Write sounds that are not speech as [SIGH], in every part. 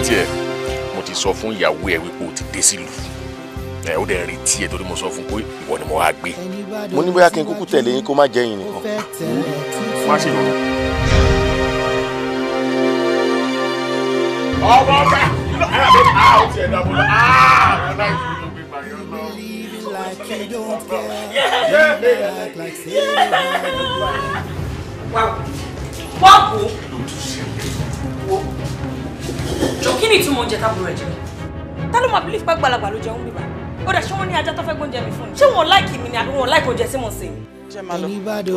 respect ẹ mo ti sọ fún ìyàwó ẹ wípé o ti dé sílùú ẹ ó dẹ̀ ń retí ẹ torí mo sọ fún pé ìwọ ni mo wá gbé. mo ní bóyá kí n kúkú tẹ̀lé yín kó má jẹ́ yín nìkan. má ṣe yọ. ọmọ ọba ẹ ẹ bẹ a ó tiẹ̀ dàbọ̀ lọ aa ọ̀nà ìṣòro gbé pàyọ́ lọ. wàá wàá kú jọ mo ni ìtumọ̀ oúnjẹ tábù rẹ̀ jẹ ta ló máa bílíf pàgbàlagbà ló jẹun bíbá ó dà ṣé wọn ní ajá tó fẹ́ gbóúnjẹ mi fún mi ṣé wọn láìkì mi ni àbí wọn láìkì oúnjẹ sí mo sè é jẹ́ máa lọ.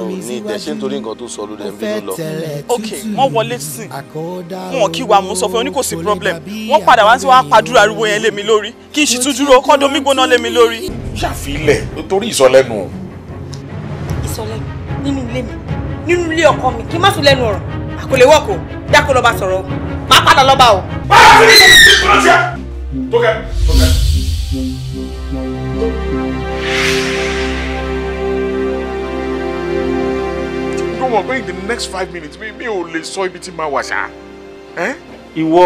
ní ìdẹ̀ṣẹ́ nítorí nǹkan tó sọ ló dẹ̀ ń bínú lọ. ok wọ́n wọlé sìn wọn kí wa mú sọ fún yín ní kò problem wọ́n padà wá sí wàá padúrà ariwo yẹn lé mi lórí kí n sì tún dúró kọ́ńdọ́mí gbóná lé mi lórí. ṣàfilẹ̀ torí ìsọlẹ́nu. ìsọlẹ́nu nínú ilé mi nínú ilé ọkọ mi kí n má sùn lẹ́nu ọ̀rọ̀ àkọlé wọ́ọ̀kọ̀ dákọ̀ lọ́ba sọ̀rọ̀ máa padà lọ́ba o. báyọ̀ sí ní sọ́kè tí kò lọ́sẹ̀. tókẹ́ tókẹ́. ló mọ̀ pé in the next five minutes mi mi ò lè sọ ibi tí màá wà ṣá. ìwọ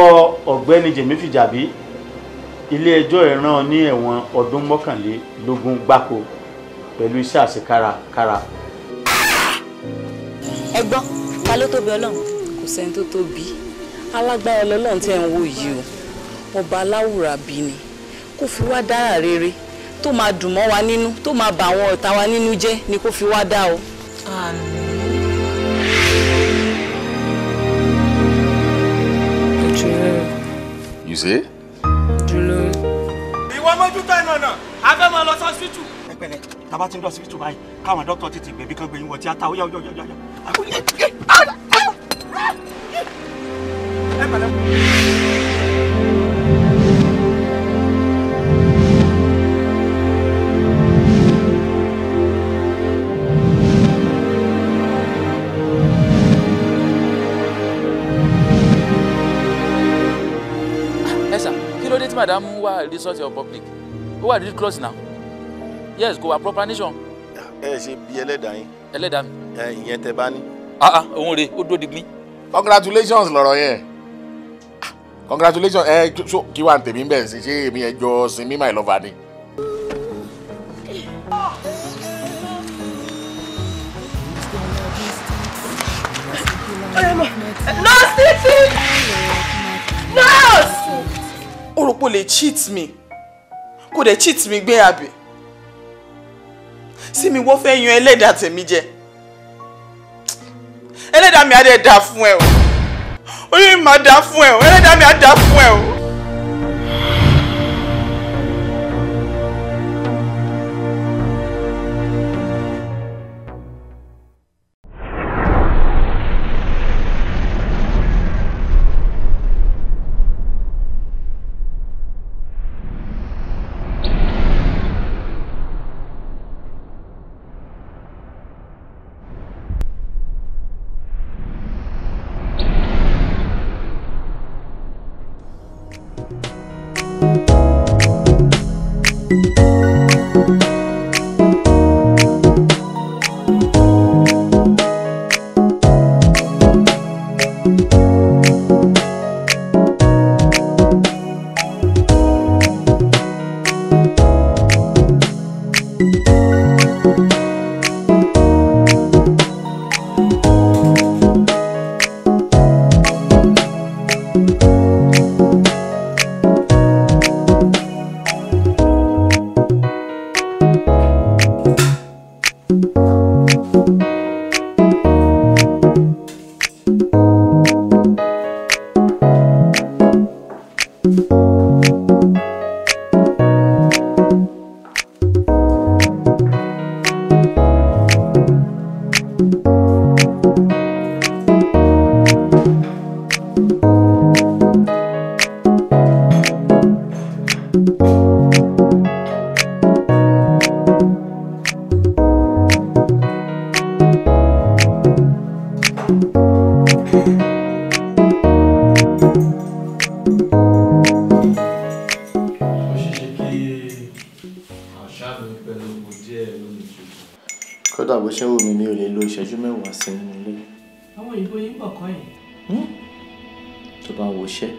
ọ̀gbẹ́ni jẹ̀mífìjàbí ilé-ẹjọ́ ìran ní ẹ̀wọ̀n ọdún mọ́kànlélógún gbáko pẹ̀lú iṣẹ́ àṣekára kára. ẹ gbọ́ ta ló tóbi ọlọ́run kò sẹ́ni tó tóbi alágbára ọlọ́run tí ń wò yìí o ọba aláwùrà bí ni kó fi wá dára rere tó máa dùn mọ́ wa nínú tó máa bà àwọn ọ̀tá wa nínú jẹ́ ni kó fi wá dá o. you say. ìwọ mójútó ẹ̀ nànà a fẹ́ máa lọ sọ́sítù. ẹ pẹ̀lẹ́ tá bá ti ń lọ sọ́sítù báyìí káwọn dókítà tètè gbẹ̀bí kan gbẹ̀yìn wọ̀ tí a ta ó yá ó yá madam Who wa resort of public Who are really close now yes go wà proper nation. ẹ ṣe bí ẹlẹ́dàá yín. ẹlẹ́dàá mi. ẹ ìyẹn tẹ bá ah ah òun rè é ó dúró congratulations lọ́rọ̀ yẹn congratulations ẹ eh, so kí wà ní tèmi ń bẹ̀rẹ̀ sí ṣé èmi ẹ jọ sinmi my lover ni. nurse titi nurse. o rò pé o lè cheat mi kò dẹ̀ cheat mi gbé àbí sí mi wọ́n fẹ́ yan ẹlẹ́dàá tèmi jẹ ẹlẹ́dàá mi á dẹ̀ dà fún ẹ o ó ní màá dá fún ẹ o ẹlẹ́dàá mi á dá fún ẹ o. thank you. mẹ́wàá sí nínú ilé. àwọn òyìnbó yín bọ̀ kọ́ ẹ̀. Hmm? tó bá wo iṣẹ́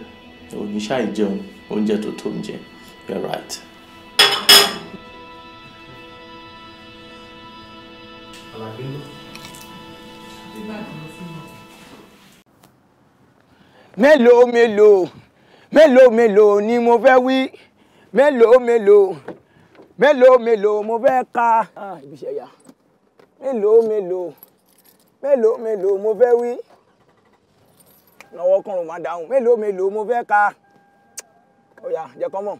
oníṣà ìjẹun oúnjẹ tó tó ń jẹ you're right. mélòó mélòó mélòó mélòó ni mo fẹ́ wí mélòó mélòó mélòó mélòó mo fẹ́ ka. Ah, mélòó mélòó mélòó mélòó mo fẹ́ wí lọ́wọ́ kọrùn máa dáhùn mélòó mélòó mo fẹ́ ka ọ̀yà jẹ́ kọ́ mọ̀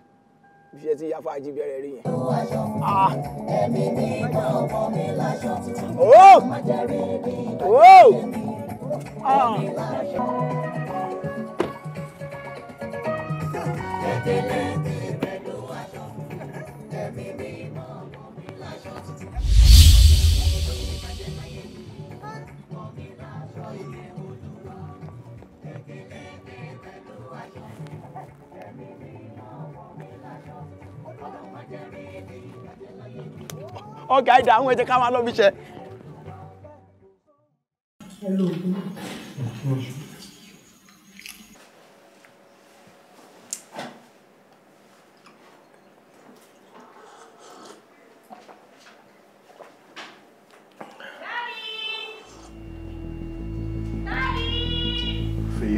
bí ṣe ti ya fàájì bẹ̀rẹ̀ rí yẹn. Ah! Ah! ẹ̀mí ní ìgbà ọkọ mi láṣọ tuntun ilé olúwa kékeré pẹ̀lú àṣẹ ẹ̀mí mi ọ̀gá ìdá àwọn ẹ̀jẹ̀ ká máa lọ́bí ṣe. ẹ lóògùn.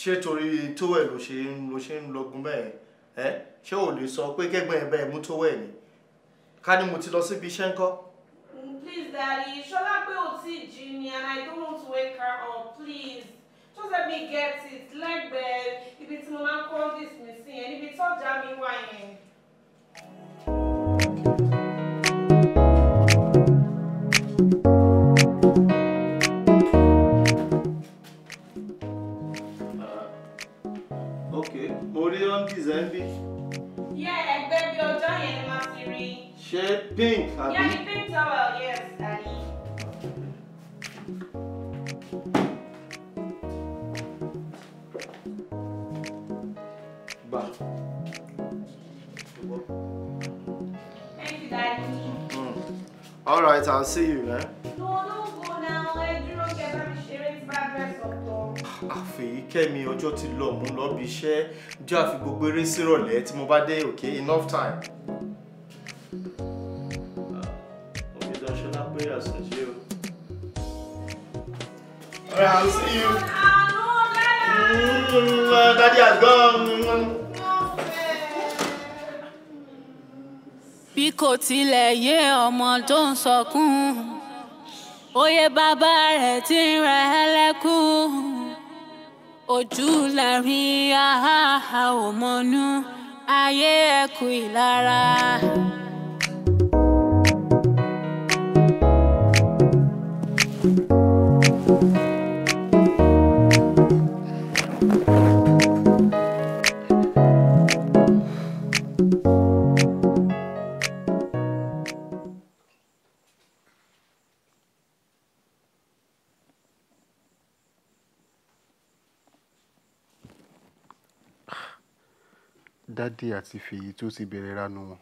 ṣé torí tówẹ̀ ló ṣe ń ló ṣe ń lọgun bẹ́ẹ̀ ẹ ṣé ò lè sọ pé kẹ́gbọ́n ẹ bẹ́ẹ̀ mú tówẹ̀ ni ká ní mo ti lọ síbi iṣẹ́ ńkọ́. Mm, please daddy ṣọlá pé o ti jí ni and i don't want to wake her up please just let me get it lẹ́gbẹ̀ẹ́ ibi tí mo máa ń kọ́ ọ́fíìsì mi sí yẹn níbi tọ́jà mi wà yẹn. ẹ̀ ń bí. yẹ ẹgbẹ́ bí the ni màá pink àbí. Yeah, the pink towel yes dani. gbà. thank you dani. Mm. all right i'll see you. Eh? Kẹ́mi ọjọ́ ti lọ mú lọ bí iṣẹ́ jẹ́ àfi gbogbo eré sírọ̀lẹ́ tí mo bá dé òkè enough time. omi dọ́ṣọ́lá pé àṣàṣe o. ọ̀rẹ́ I'll see you. Mm, daddy has gone. bí kò tilẹ̀ yé ọmọ tó ń sọkún òye bàbá rẹ̀ ti ń rẹ̀ ẹ́ lẹ́kún ojú la rí àhà àhà ò mọnú ayé ẹkù ìlara. Dádì àti Fèyí tó ti bẹ̀rẹ̀ ìranù wọn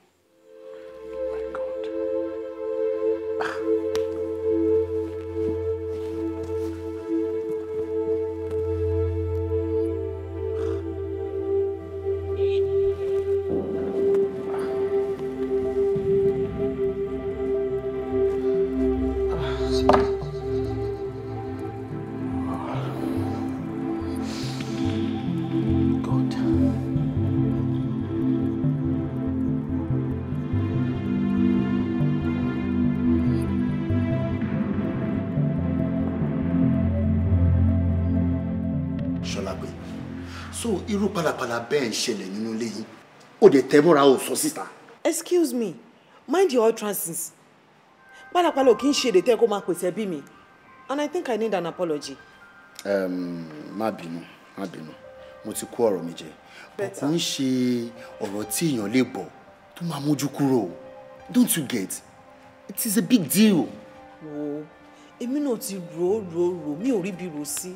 bẹ́ẹ̀ ń ṣẹlẹ̀ nínú ilé yìí ó dẹ̀ tẹ́ mọ́ra ò sọ síta. excuse me mind your utterances pálapàla ò kí ń ṣe èdè tẹ́ kó máa pèsè bí mi and i think i need an apology. Um, má bínú má bínú mo ti kó ọ̀rọ̀ mi jẹ kò ń ṣe ọ̀rọ̀ tí èèyàn lè bọ̀ tó máa mójú kúrò don't you get it is a big deal. wo èmi náà ti rò ó rò ó rò mi ò rí bí rò sí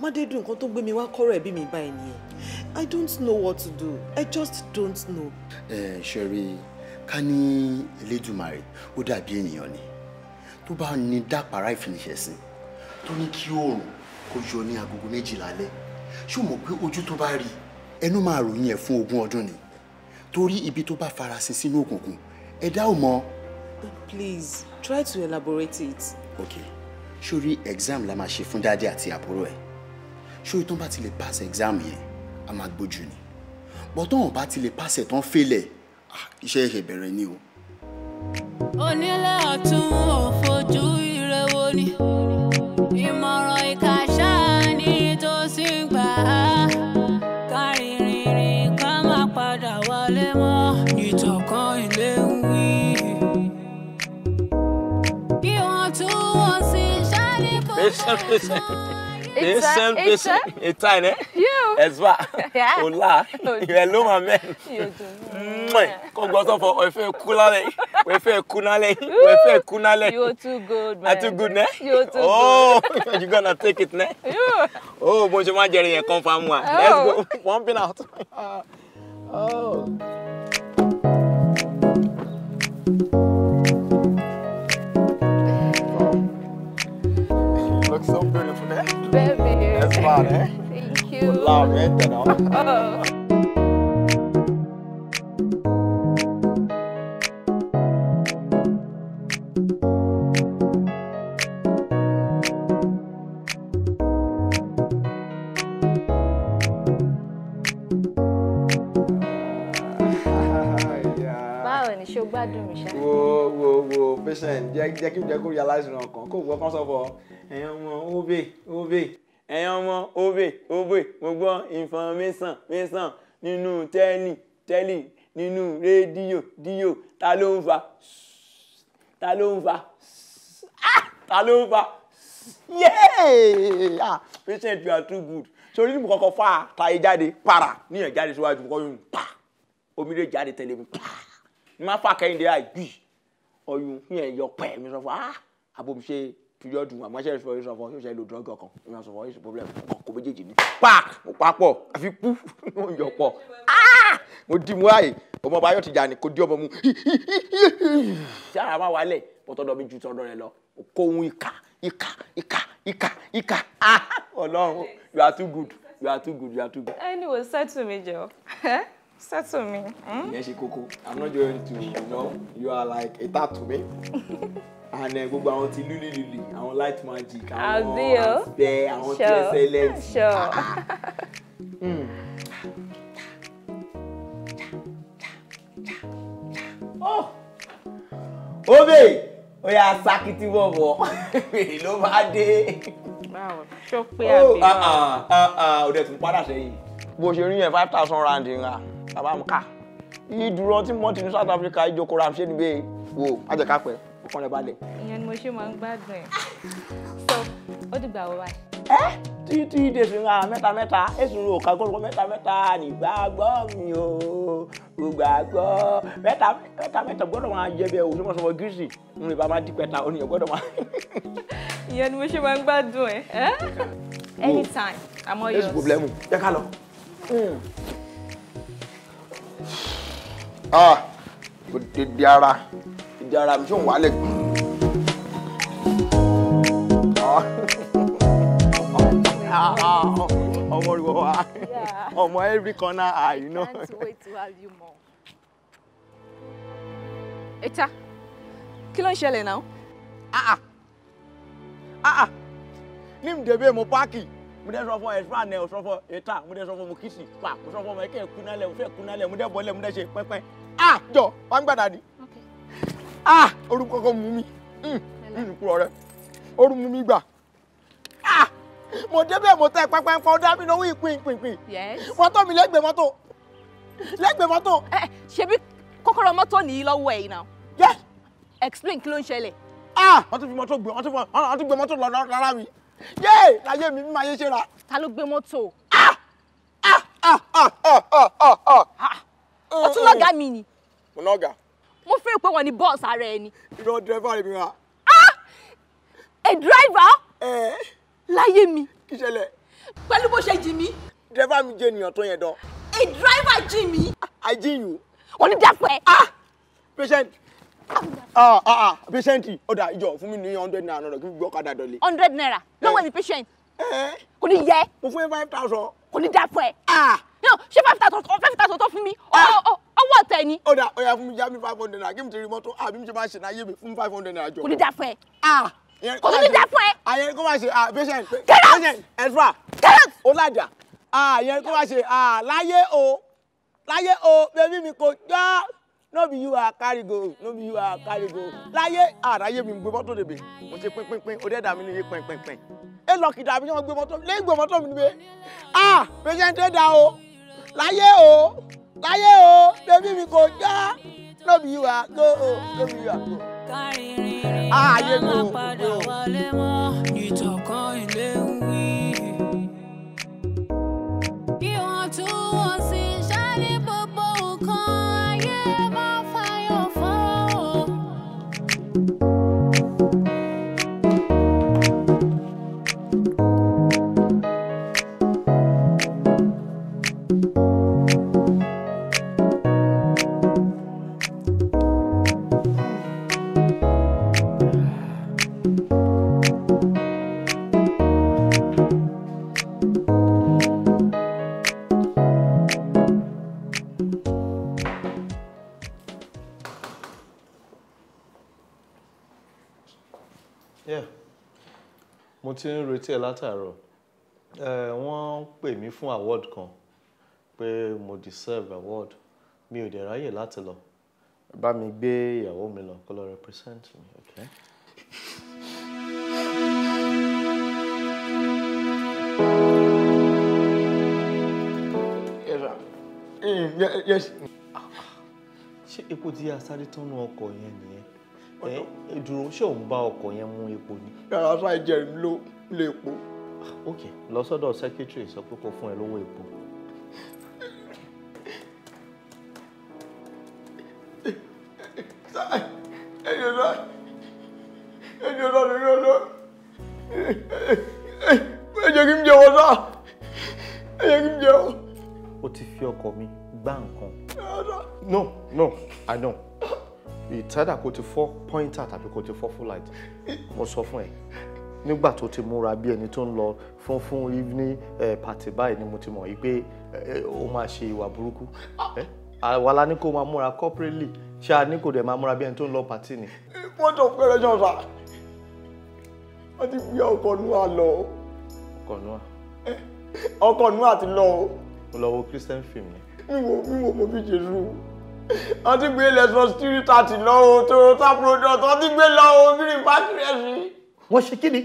má dé dùn nǹkan tó gbé mi wá kọ́rọ̀ ẹ̀bí mi báyìí nìyẹn I don't know what to do. I just don't know. Ẹ ṣẹ́rí ká ní Elédùmarè ó dàbí ènìyàn ni tó bá ní dàpárá ìfiniṣẹ̀sìn tó ní kí oòrùn kó yọ ní agogo méjìlá alẹ́ ṣé o mọ̀ pé ojú tó bá rí ẹnu máa ròyìn ẹ̀ fún ogún ọdún ni torí ibi tó bá farasin sínú òkùnkùn ẹ̀dá ò mọ̀. Please try to elaborate it. Okay ṣórí exam la máa ṣe fún dáadé àti àbúrò ẹ̀ ṣórí tó bá ti lè pass exam yẹn a máa gbójú ni bọ́ tọ́hún bá ti lè pàṣẹ tán fẹ́lẹ̀ iṣẹ́ ẹ̀ṣẹ̀ bẹ̀rẹ̀ ni o. onílé ọ̀tún ò fojú ni ìmọ̀ràn ìkàṣà ni tó sì gbà á kárìnrìnrìn ká má padà wálé mọ́ ìtọ̀kàn ilé ń wí. kí wọ́n tún wọ́n sí ṣáà ní kò ṣe é It's a, it's person. A, it's a, You. As well. [LAUGHS] Yeah. [LAUGHS] Hola. Hello, my man. [LAUGHS] You do. Come go for we kunale. We feel kunale. We feel kunale. You're too good, man. You're too good, too oh, good. Oh, you're gonna take it, né? You. Oh, bonjour, ma chérie. Come for moi. Oh. Let's go. One out. Uh, oh. looks so beautiful. baby. That's fine, eh? Thank you. Love it, [LAUGHS] jẹ́ kí n jẹ́ kó realize ìran kan kó gbọ́ kán sọ fọ ẹ̀yin ọmọ obe obe ẹ̀yin ọmọ obe obe mo gbọ́ information mẹ́sàn nínú tẹ́lì tẹ́lì nínú rédíò díò ta ló ń fa ta ló ń fa ah! ta ló ń fa yeah ah! patient you are too good torí mo kọ́kọ́ fa àtàyè jáde para níyàn jáde síwájú mo kọ́ yóò pa omi lè jáde tẹ̀lé mi pa ní má fa kẹ́hìndé àìgbì ọyún yẹn yọ pẹ mi sọ fún ah abomi píríọdù àmọ́ ṣe ìṣòro sọ fún ṣe lo drug ọkàn mi sọ fún ìṣòro oh, problem ọkọ méjèèjì ni pa mo pa pọ mo [LAUGHS] yọ pọ ah! mo di mu àyè ọmọ ọba ayọ ti jà ní kò di ọmọ mu sára [LAUGHS] máa wálẹ̀ pọtọdọ mi ju tọdọ rẹ lọ kó ohun ìka ìka ìka ìka ìka ah you are too good you are too good you are too good. anyway settle me jọ. [LAUGHS] Settle me. Hmm? Yes, Koko. I'm not going to, you know, you are like a tattoo to me. [LAUGHS] and then eh, gbogbo àwọn ti lulu lulu want light magic I'll àwọn àtẹ àwọn tí ẹsẹ lẹẹtì. Ah, ah. hmm. oh! Obe, oya sakiti bọ̀bọ̀, èyí [LAUGHS] ló bá dé. Báwo, ṣó pé àbí oh, wà? Ah, Ó dẹ̀ tún padà sẹ́yìn. Bó ṣe rí you five thousand rand ń ra àbámuká ìdúró tí mo ti ní South Africa ìjókòó ramsey níbẹ̀ wò ajẹ́kápẹ́ ọkàn rẹ̀ balẹ̀. ìyẹn ni mo ṣe máa ń gbádùn ẹ̀ so ó dìgbà wọ báyìí. ẹ tí tí dèsì ń ra mẹ́ta mẹ́ta èsùn ro òkà gbọ́dọ̀ mẹ́ta mẹ́ta nígbàgbọ́ mi o gbàgbọ́ mẹ́ta mẹ́ta mẹ́ta gbọ́dọ̀ máa jẹ bẹ́ẹ̀ o sọmọ sọmọ gírísì ń rìn bá máa di pẹ́ta oníyẹn gbọ́dọ̀ máa. [LAUGHS] ìyẹn ni mo ṣe máa ń gbádùn ẹ anytime àmọ́ yọ. èsì Ah, òdèdè ara òdèdè ara mi tí òun wálẹ̀ gbọ́n. Ah. [LAUGHS] Ah, ọmọ rẹ wá ọmọ every corner eye you know. can't wait to have you more. ẹ̀ta kí ló ń ṣẹlẹ̀ náà. ah ah ní mi dèbè mo páàkì mo dẹ́ sọ fún ẹ̀sùn àná ẹ̀ sọ fún ẹ̀ta mo dẹ́ sọ fún mo kìsì pa mo sọ fún ọmọ ẹ̀kẹ́ ẹ̀kúnálẹ̀ mo fẹ́ ẹ̀kúnálẹ̀ mo dẹ́ bọ́lẹ̀ mo dẹ́ ṣe pẹ́pẹ́ ah jọ wá ń gbàdá ni ah orúkọ kan mú mi hmm, kúrọ rẹ orú mú mi gbà ah mo débẹ̀ mo tẹ pápánpá ọdá mi náwó ìpín ìpín ìpín mọ́tò mi lẹ́gbẹ̀ẹ́ mọ́tò lẹ́gbẹ̀ẹ́ mọ́tò. ẹ eh, eh, ṣebí kọ́kọ́rọ́ mọ́tò nìyí lọ́wọ́ ẹ̀yìn náà. yes. explain kí ló ń ṣẹlẹ̀. ah wọ́n ti fi mọ́tò gbé wọ́n ti wọ́n ti gbé mọ́tò lọ lára mi yéè láyé mi mi máa yé ṣe ra. ta ló gbé mọ́tò. ah ah ah ah ah ah ah. ah ó tún lọ́gàá mi ni. mo lọ́gàá. mo fẹ́ pé wọ́n ní bọ́ọ̀sì ara ẹ ni. irọ́ dírẹ́fà rẹ̀ mi wá. a driver. ẹ láyé mi. kí ṣẹlẹ̀. pẹ̀lú bó ṣe jì mí. dírẹ́fà mi jẹ́ ènìyàn tó yẹn dán. a driver jì mí. I jì yù. onídàpẹ́. patient ah ah ah patient ọ̀dà ìjọ fún mi ní hundred naira lọ́dọ̀ kí n gbọ́ kádà dọ̀lé. hundred naira lọ́wọ́ ni patient. kò ní yẹ. mo fún ẹ five thousand. kò ní dàpẹ́. ah no ṣé five thousand five thousand tó fún mi ah! ọwọ́ tẹ ni. ó dà ó yá have mi já mi five hundred naira give mi ti rí mọ́tò give mi ṣe máa ṣe náà yé mi fún five hundred naira jọ. kò ní dà fún ẹ. Ah, kò ní dà fún ẹ. àyẹ̀rẹ̀ kó máa ṣe ah, patient patient ẹ̀fà ó làjà àyẹ̀rẹ̀ kó máa ṣe láyé o laye o Baby, me kò jọ́ no be you are carry go no be you are carry go Laye laye ah, láyé àráyé mi gbé mọ́tò dèbè mo ṣe pínpínpín ó dẹ́ẹ̀dá mi níye pínpínpín ẹ lọ kìdá mi ní wọn gbé mọ́tò lẹ́yìn gbé me mi níbẹ̀ ah patient ẹ dá o láyé o láyé o lórí mi kò já lóbi wa, go, o lóbi ìwà gbó. ààyè mi ò gbó. ti ń retí ẹ látàárọ̀ wọ́n pè mí fún award kan pé mo deserve award mi ò dẹ̀ ráyè láti lọ bá mi gbé ìyàwó mi lọ kó lọ represent mi. Okay? ṣé epo ti yá sáré tó nu ọkọ̀ yẹn nìyẹn ẹ dúró ṣé òun bá ọkọ̀ yẹn mú epo ni. yàrá sáà jẹrìí ló lè po. ok lọ sọ́dọ̀ secretary sọ pé kó fún ẹ lówó epo. ẹni ọlọ ẹni ọlọ lórí ọlọ ẹ jẹ́ kí n jẹ wọn sáà ẹ jẹ́ kí n o ti fi ọkọ mi gbá nǹkan. no no i don't ìtádà kò ti fọ́ pointer tàbí kò ti fọ́ full light mo sọ fún ẹ nígbà tó ti múra bí ẹni tó ń lọ fún fún evening eh, party báyìí ni mo ti mọ̀ yìí pé eh, ó máa ṣe ìwà burúkú eh, àwa la ní kó máa múra corporately ṣé a ní kò dẹ̀ máa múra bí ẹni tó ń lọ party ni. wọ́n tó pẹ́rẹ́ jọ̀ọ́sà wọ́n ti gbé ọkọ̀ nua lọ. ọkọ̀ nua. ọkọ̀ nua ti lọ o. mo lọ wo christian film ni. mi wo mi wo mo fi jésù wọ́n ti gbé lẹ́sọ̀ stírí tàti lọ́wọ́ tó tá product wọ́n ti gbé lọ́wọ́ mírí fásitì rẹ̀ sí. wọ́n ṣe kí ni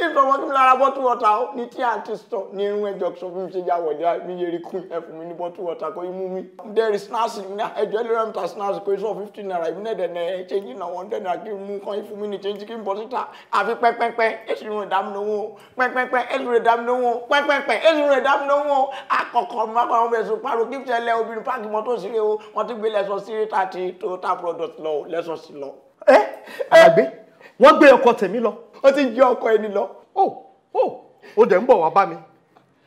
ìfọwọ́ tí mo lára bọ́tù wọ́ta ó ní tí àǹtí sọ ní irun ẹjọ́ sọ fún mi ṣe ya wọ̀dẹ́ mi yẹ rí kún ẹ mi ní bọ́tù wọ́ta kó imú mi. dẹ́rì snacks ní ẹjọ́ ẹlẹ́rọ mi ta snacks kó sọ fifty naira ìbí náà dẹ̀nẹ̀ ẹ ṣe náà wọ́n dẹ̀nà kí mú kán ìfún mi ní change kí n bọ́ síta àfi pẹ́pẹ́pẹ́ èsì rẹ̀ dámúnáwó pẹ́pẹ́pẹ́ èsì rẹ̀ dámúnáwó ó ti ju ọkọ ẹni lọ. ó oh, ó oh, ó dẹ̀ ń bọ̀ wá bá mi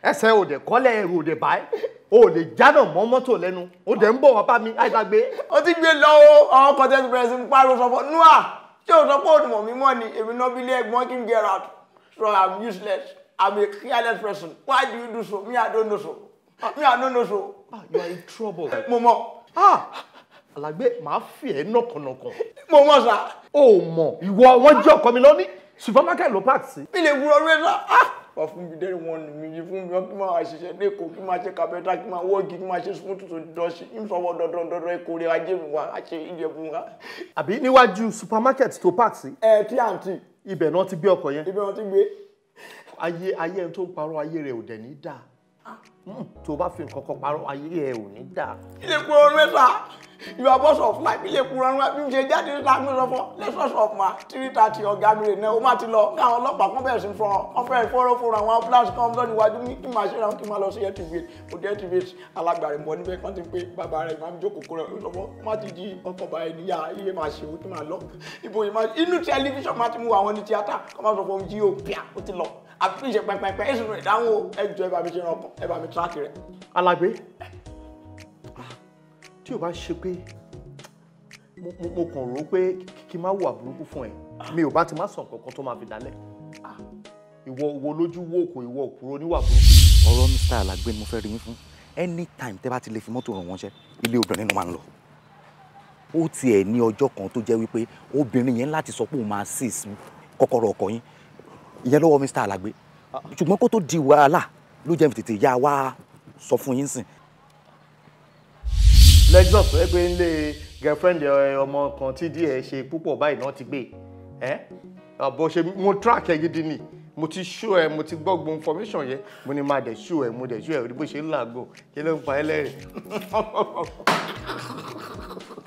ẹsẹ̀ ò dẹ̀ kọ́lẹ̀ ẹ̀rù ò dẹ̀ bá ẹ̀ o ò lè jádà mọ́ mọ́tò lẹ́nu ó dẹ̀ ń bọ̀ wá bá mi àìgbàgbé. ó ti gbé lọ o àwọn contest press ń pariwo sọ fún nua ṣé o sọ pé òdùmọ̀ mi mọ́ ni èmi náà bí ilé ẹ̀gbọ́n kí n get out so I am useless I am a careless person why do you do so me i don't know so ah, me i don't know so. Ah, you are in trouble. mo mọ. ah alàgbé màá fi ẹ̀ nọ̀kànọ̀kàn. mo mọ̀ sá. o mọ̀ ìwọ wọn jẹ́ ọkọ mi lọ ní supermarket ló park sí. mi lè wúrọ rẹ náà ah wà fún mi dẹ́rù wọn mi yìí fún mi kí máa ṣiṣẹ́ lẹ́kọ̀ọ́ kí máa ṣe kàbẹ́tà kí máa wọ́ọ̀gì kí máa ṣe smooth tó dọ́ṣì ń sọ wọ́n dandan dandan ẹ̀kọ́ rẹ̀ ajé mi wá àṣẹ ìjẹ̀bù wa. àbí níwájú supermarket tó park sí. ẹ tí àǹtí. ibẹ̀ náà ti gbé ọkọ̀ yẹn. ibẹ̀ náà ti gbé. ayé ayé ẹni tó ń parọ́ ayé rẹ̀ ò dẹ̀ ní Hmm, tó o bá fi nǹkan kan parọ́ ayé ẹ ò ní dà. ilé kúrò ọrùn mẹ́ta ìwà boss of life ilé kúrò ọrùn mẹ́ta bí mo ṣe jáde níta mi lọ fún lessons of ma three thirty ọ̀gá mi rè náà ó má ti lọ káwọn ọlọ́pàá kan bẹ̀rẹ̀ sí fún ọ wọn fẹ́ẹ́ fọ́rọ́ fún àwọn ambulance kan lọ níwájú mi kí màá ṣe ra kí màá lọ sí airtivate kò dé airtivate alágbàrẹ̀ mọ́ níbẹ̀ kan ti pé bàbá rẹ̀ máa ń jókòó rẹ̀ lọ́wọ́ má ti di ọkọ̀ bá ẹni yá iye máa ṣe o kí màá lọ ibo yìí máa inú tẹlifíṣàn má ti mú àwọn ní tíátà kọ́ má sọ fún mi jí o pia ó ti lọ àfi ṣe pẹpẹpẹ èsì rẹ dáhùn mi ṣe ràn ọkàn ẹ mi tíráàkì rẹ. alágbé tí o bá ṣe pé mo kàn rò ó pé kí n má wà burúkú fún ẹ mi ò bá ti má sàn kankan tó máa fi dálẹ̀ ìwọ wo lójú wo kò ìwọ òkúrò níwà burúkú. ọ̀rọ̀ mr alágbé ni mo fẹ́ rí yín fún anytime tẹ́ bá ti lè fi mọ́tò ràn wọ́n ṣẹ́ ilé obìnrin ni màá ń lọ ó tiẹ̀ ní ọjọ́ kan tó jẹ́ wípé obìnrin yẹn láti sọ pé òun máa sí kọ́kọ́rọ́ ọkọ yín ìyẹn lọ́wọ́ Mr. Alagbe ṣùgbọ́n kó tó di wàhálà ló jẹ́ tètè yá wa sọ fún yín sìn. lexus ẹ pé nílé girlfriend ọmọ kan tí díẹ̀ ṣe púpọ̀ báyìí náà ti gbé ẹ bó ṣe mo track ẹ gidi ni mo ti ṣú ẹ mo ti gbọ́ gbogbo information yẹn mo ní máa dẹ̀ ṣú ẹ mo dẹ̀ ṣú ẹ rí bó ṣe ń làágùn kí ló ń pa ẹ lẹ́rìn. [LAUGHS]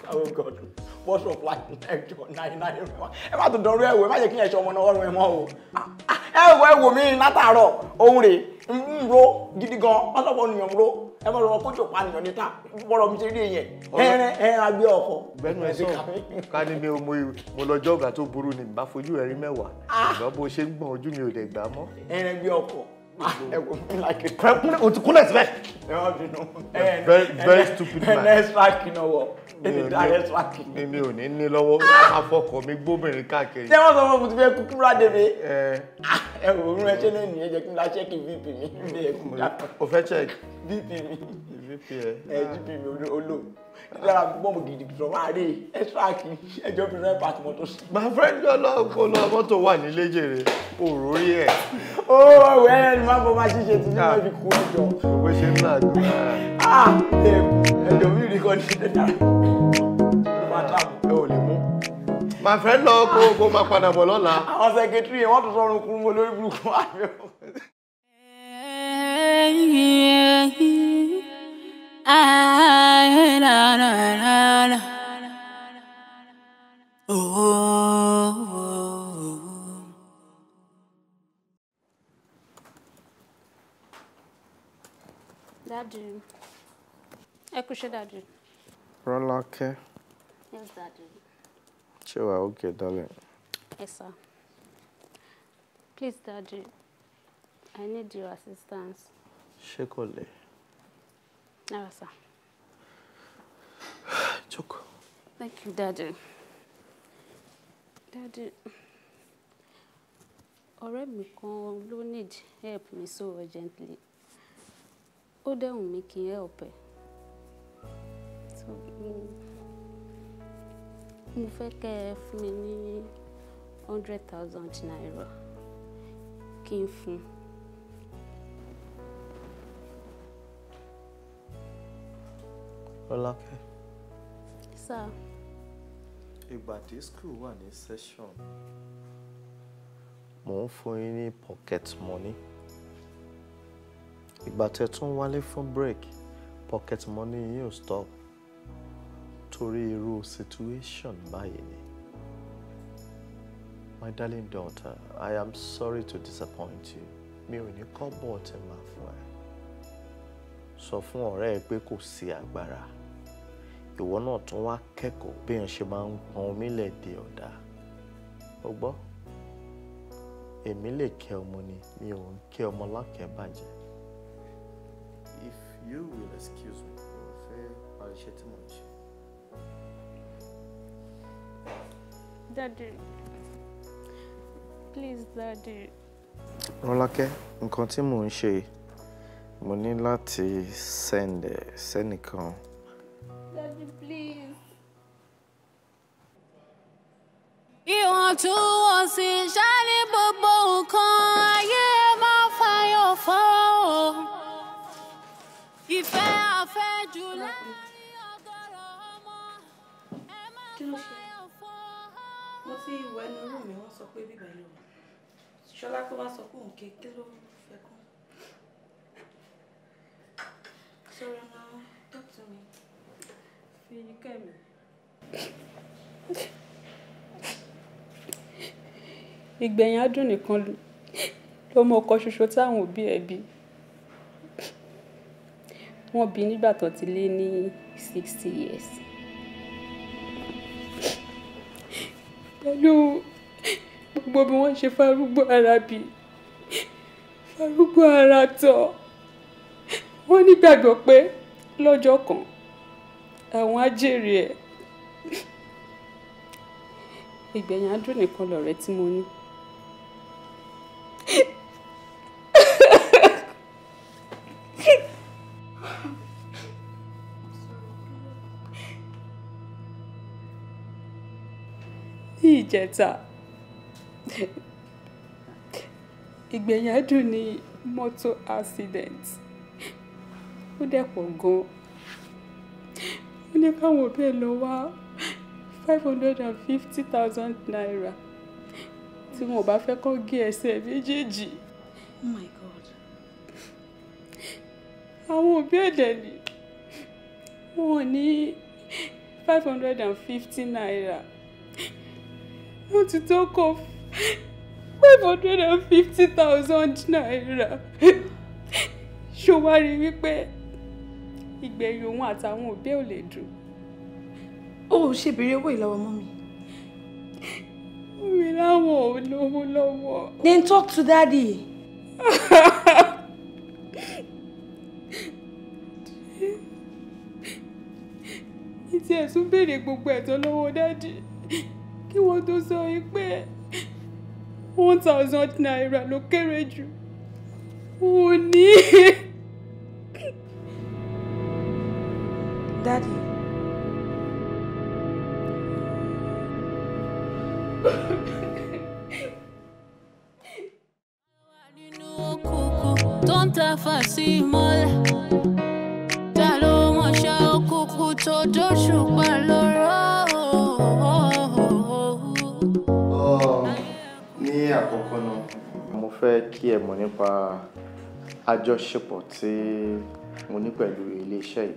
Oh, bọ́sọ̀ fly detector nine nine ẹ má tó dọ̀rọ̀ ẹ̀wò ẹ má jẹ́ kí ẹ̀ṣọ́ ọmọ náà ọrùn ẹ̀ mọ́ o ah, ẹ wọ ẹ̀wò mi látàárọ̀ ohun rè ń ro gidi gan ọlọ́pàá ènìyàn ń ro ẹ má lọ́wọ́ kójú pànìyàn níta bọ́rọ̀ mi ti rí èèyàn ẹ̀rẹ̀ ẹ̀rẹ̀ agbé ọkọ̀. bẹ́ẹ̀ni ẹ sọ ká ní mi mo lọ́jọ́ ọ̀gá tó burú ni bá fojú rẹ̀ rí mẹ́wàá ìgbà ah! bó ṣe ń gbọ̀n ojú mi ò dẹ̀ gbà mọ́. ẹ̀rẹ̀ gbé ọkọ̀ Ah, o ti kúnlẹ̀ síbẹ̀. very stupid man. next pack iná wọ èdè direct pack. mi ò ní ní lọ́wọ́ afọkọ̀ ah! mi gbóbìnrin káàkiri. ṣé wọ́n sọ fún mi ti fẹ́ kú kúrò àdébé. ẹ wò ó ránṣẹ́ náà nìyẹn jẹ́ kí n la ṣẹ́ẹ̀kì vp mi. o fẹ́ check. vp mi. vp mi olóò dídára bọ́ọ̀mù gidi tó máa rí ẹ́síráàkì ẹjọ́ fi rẹ́ pàtó mọ́tò sí. my friend yóò lọ kó lọ mọ́tò wà nílé jèrè òòró rí ẹ̀. ó wẹ́ ẹni máa bọ́ máa ṣíṣe tí wọ́n fi kú ìjọ. òwe ṣe ń làdúrà. ah ẹ̀jọ̀ mi rí kan ní dídára my friend lọ kó kó máa padà bọ̀ lọ́la. àwọn sẹkẹtiri yẹn wọ́n tún sọ̀rọ̀ kúrú mọ́ lórí burúkú àná. [LAUGHS] Daddy. Ẹ kú ṣé, Daddy. Rọ́lákẹ́. Yes, Daddy. Ṣé okay, darling? Yes, sir. Please, Daddy, I need your assistance. Ṣé kò Merhaba sir. Çok. Thank you daddy. Daddy. Ọ̀rẹ́ mi kan need help me so urgently. Who dẹ̀hùn mi kí help ẹ̀. So, mo fẹ́ kẹ́ ẹ hundred thousand naira kí n Ọlákẹ́. Sir. Ìgbà tí school wà ní session, mò ń fún yín ní pocket money. Ìgbà tẹ́ tún wálé fún break, pocket money yín ò stop. Torí irú situation báyìí ni. My darling daughter, I am sorry to disappoint you. Mi ò ní kọ́ bọ́ọ̀tì máa fún ẹ. Sọ fún ọ̀rẹ́ ẹ pé kò sí agbára ìwọ náà tún wá kẹ́kọ̀ọ́ bí èèyàn ṣe máa ń pọn omi lẹ̀ ọ̀dà ó gbọ́ èmi lè kẹ́ ọmọ ni mi ò ń kẹ́ ọmọ lákẹ́ if you will excuse me mo fẹ́ parí iṣẹ́ tí mo ń ṣe. daddy please daddy. rọ́lákẹ́ nǹkan tí mò ń ṣe mo ní láti send sẹ́nìkan. Eh, ìwọ̀ntúnwọ̀nsì ṣá ní gbogbo nǹkan ayé máa fayọ̀ fọ́ o. ìfẹ́ àfẹ́jù láàrin ọ̀gọ̀rọ̀ ọmọ ẹ máa fayọ̀ fọ́ o. mo ti ìwọ ẹnu rú mi wọ́n sọ pé bíbá yìí ṣọlá tó wá sọ pé òun kéèké ló fẹ́ kún. sọ̀rọ̀ náà talk to me. fi kẹ́mi. [LAUGHS] ìgbẹ̀yìn adùn nìkan lọmọ ọ̀kan ṣoṣo táwọn òbí ẹ̀ bí wọ́n bí nígbà tó ti lé ní sixty years. pẹ̀lú gbogbo bí wọ́n ṣe farúgbó ara bí farúgbó ara tọ̀ wọ́n nígbàgbọ́ pé lọ́jọ́ kan àwọn á jèrè ẹ̀ ìgbẹ̀yìn adùn nìkan lọ̀rẹ́ tí mo ní. níjẹta ìgbẹ̀yìn dùn ní mọ́tò accident ó dẹ̀ pọ̀ gan ó ní káwọn òbí ẹ̀ lọ wá five hundred and fifty thousand naira tí wọn ò bá fẹ́ kọ́ gé ẹsẹ̀ méjèèjì. Oh àwọn òbí ẹ̀dẹ̀ ni wọn ní five hundred and fifty naira ó ti tó kọ five hundred and fifty thousand naira ṣòwárí wípé ìgbẹ̀yìn òun àtàwọn òbí ò lè dùn. ó ṣe béèrè owó ìlọ́wọ́ mọ́ mi. mi láwọn ò lówó lọ́wọ́. then talk to daddy. ìtì [LAUGHS] ẹ̀sùn béèrè gbogbo ẹ̀tọ́ lọ́wọ́ dádì kí wọ́n tó sọ yìí pé one thousand naira ló kéré jù ò ní. Daddy. Tonta fasimol, ta ló mọ̀ ṣá òkùnkùn tó dóṣù pa lórí. fẹ́ kí ẹ mọ̀ nípa àjọṣepọ̀ tí mo ní pẹ̀lú iléeṣẹ́ yìí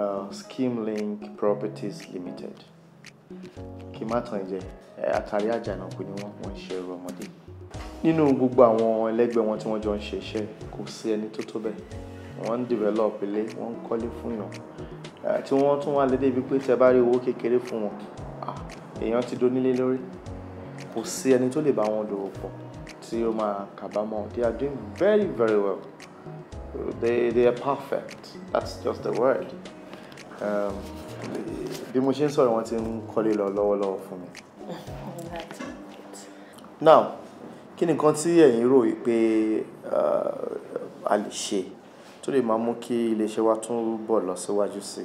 uh, scheme link properties limited kí n má tàn jẹ àtàrí àjànà kò ní wọ́n wọ́n ṣe ẹrù ọmọdé nínú gbogbo àwọn ẹlẹgbẹ́ wọn tí wọ́n jọ ń ṣe iṣẹ́ kò sí ẹni tó tó bẹ́ẹ̀ wọ́n ń develop ilé wọ́n ń kọ́lé fún yàn uh, tí wọ́n tún wá lédè bíi pé tẹ bá rí owó kékeré fún wọn èèyàn ti donílé lórí kò sí ẹni tó lè bá wọn dòwò pọ̀ tí ó máa kábàámọ̀ they are doing very very well they they are perfect that's just the word um, bí mo ṣe ń sọ̀rọ̀ wọn ti ń kọ́lé lọ lọ́wọ́lọ́wọ́ fún mi. now kí ni nǹkan tí ẹ̀yin rò yìí pé uh, a lè ṣe tó lè máa mú kí iléeṣẹ́ wa tún bọ̀ lọ sí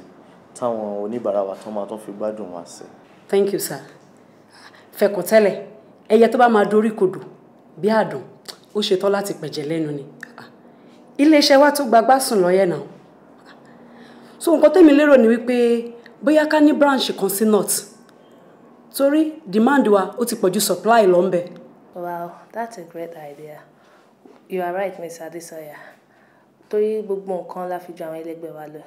táwọn oníbàárà wa tán máa tún fi gbádùn wá sí. thank you sir fẹ̀kọ̀tẹ́lẹ̀ ẹyẹ tó bá máa dorí kodò bí àdùn ó ṣetán láti pẹ̀jẹ̀ lẹ́nu ni ah, iléeṣẹ́ wa tó gbagbá sùn lọ́yẹ̀ náà so nǹkan tẹ́mi lérò ni wípé bóyá ká ní branch kan sí north torí demand wa ó ti pọ̀jù supply lọ́nbẹ̀. wow that's a great idea you are right Mr. Adesanya torí gbogbo nǹkan la fi ju àwọn ẹlẹgbẹ́ wa lọ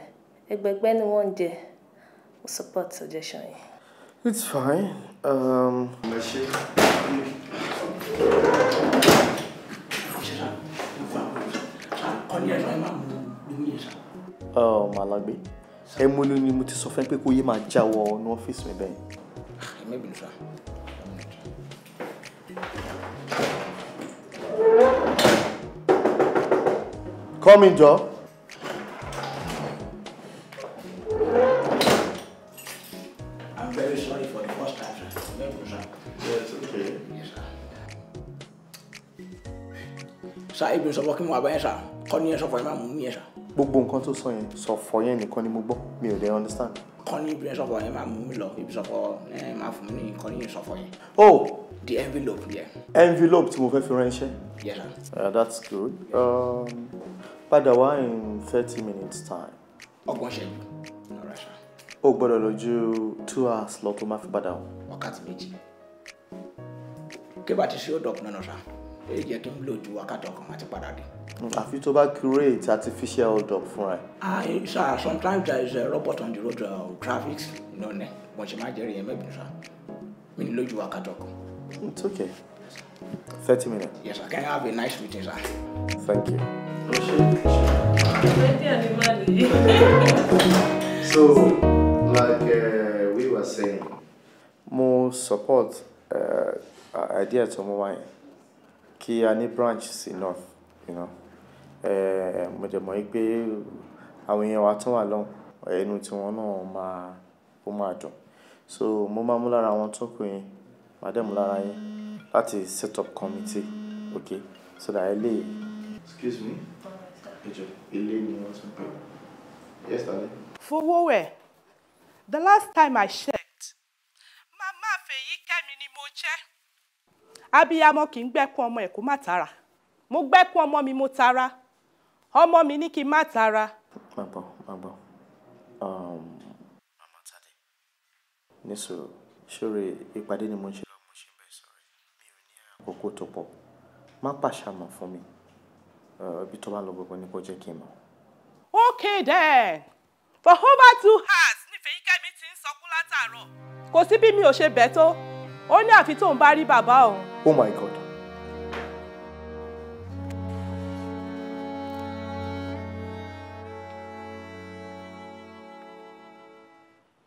ẹgbẹgbẹ ni wọ́n ń jẹ support suggestion yìí. It's fine. Um... Oh, màá lágbé. Ẹ mú inú ni mo ti sọ fún ẹ pé kó yé máa jáwọ́ ọ̀nà ọ́fíìsì mi bẹ́ẹ̀. Come in, Joe. ibi ìsọfọ kí mo wà bá kọ́ ni yẹn sọfọ yẹn máa mú mi yẹn sà. gbogbo nǹkan tó sọ yẹn sọfọ yẹn nìkan ni mo gbọ́ mi ò dé understand. kọ́ ni ibi ìsọfọ yẹn máa mú mi lọ ibi ìsọfọ yẹn máa fún mi ní kọ́ ni yẹn sọfọ yẹn. oh the envelope yẹn. Yeah. envelope tí mo fẹ́ fi ránṣẹ́. yes sir. Uh, that's good. Um, padà wá in thirty minutes time. ọgbọ̀n ṣẹ́jú ọ̀rọ̀ ṣá. o gbọ́dọ̀ lọ ju two hours lọ tó máa fi padà wọ̀. wákàtí méjì kébà ti ṣe ó dọ̀kun náà ṣá èyí tó ń lò ju wákàtí ọkàn àti padà dé. àfi tó bá create artificial hold fún ẹ. ah eh, sir sometimes there is a robot on the road uh, traffic nọ́ọ̀nẹ́ bọ́n ṣe máa jẹ́rìí yẹn mẹ́bìnrin mi ní lójú wákàtí ọkàn. it's okay thirty minutes. yes sir can I have a nice meeting sir. thank you. so like uh, we were saying. mo support uh, idea tó mo wáyé kí a ní branch sí north you know eh, mo dẹ̀ mọ̀ pé àwọn èèyàn wa tún wà lọ́hùn ẹnu tiwọn náà máa ó máa dùn so mo máa mú lára àwọn tó kù yín màá dẹ̀ mú lára yín láti set up committee okay so that ẹ lè. excuse me ẹjọ ilé ni wọn tún pè yesterday. fowó ẹ̀ the last time I checked màmá Fèyíkẹ́mi ni mo jẹ́. abiyamọ kì í gbẹ́kún ọmọ ẹ̀ kó má tara mo gbẹ́kún ọmọ mi mo tara ọmọ mi ní kí n má tara. má gbọ́ má gbọ́ um, mama tade nísòro ṣóre ìpàdé ni mo ń ṣe lọ́wọ́ mo ṣe bẹ́ẹ̀ sọ̀rọ̀ mi ò ní àkókò tó pọ̀ má pàṣàmọ̀ fún mi ibi gbogbo n ó ní àfi tóun bá rí bàbá òun. oh my god.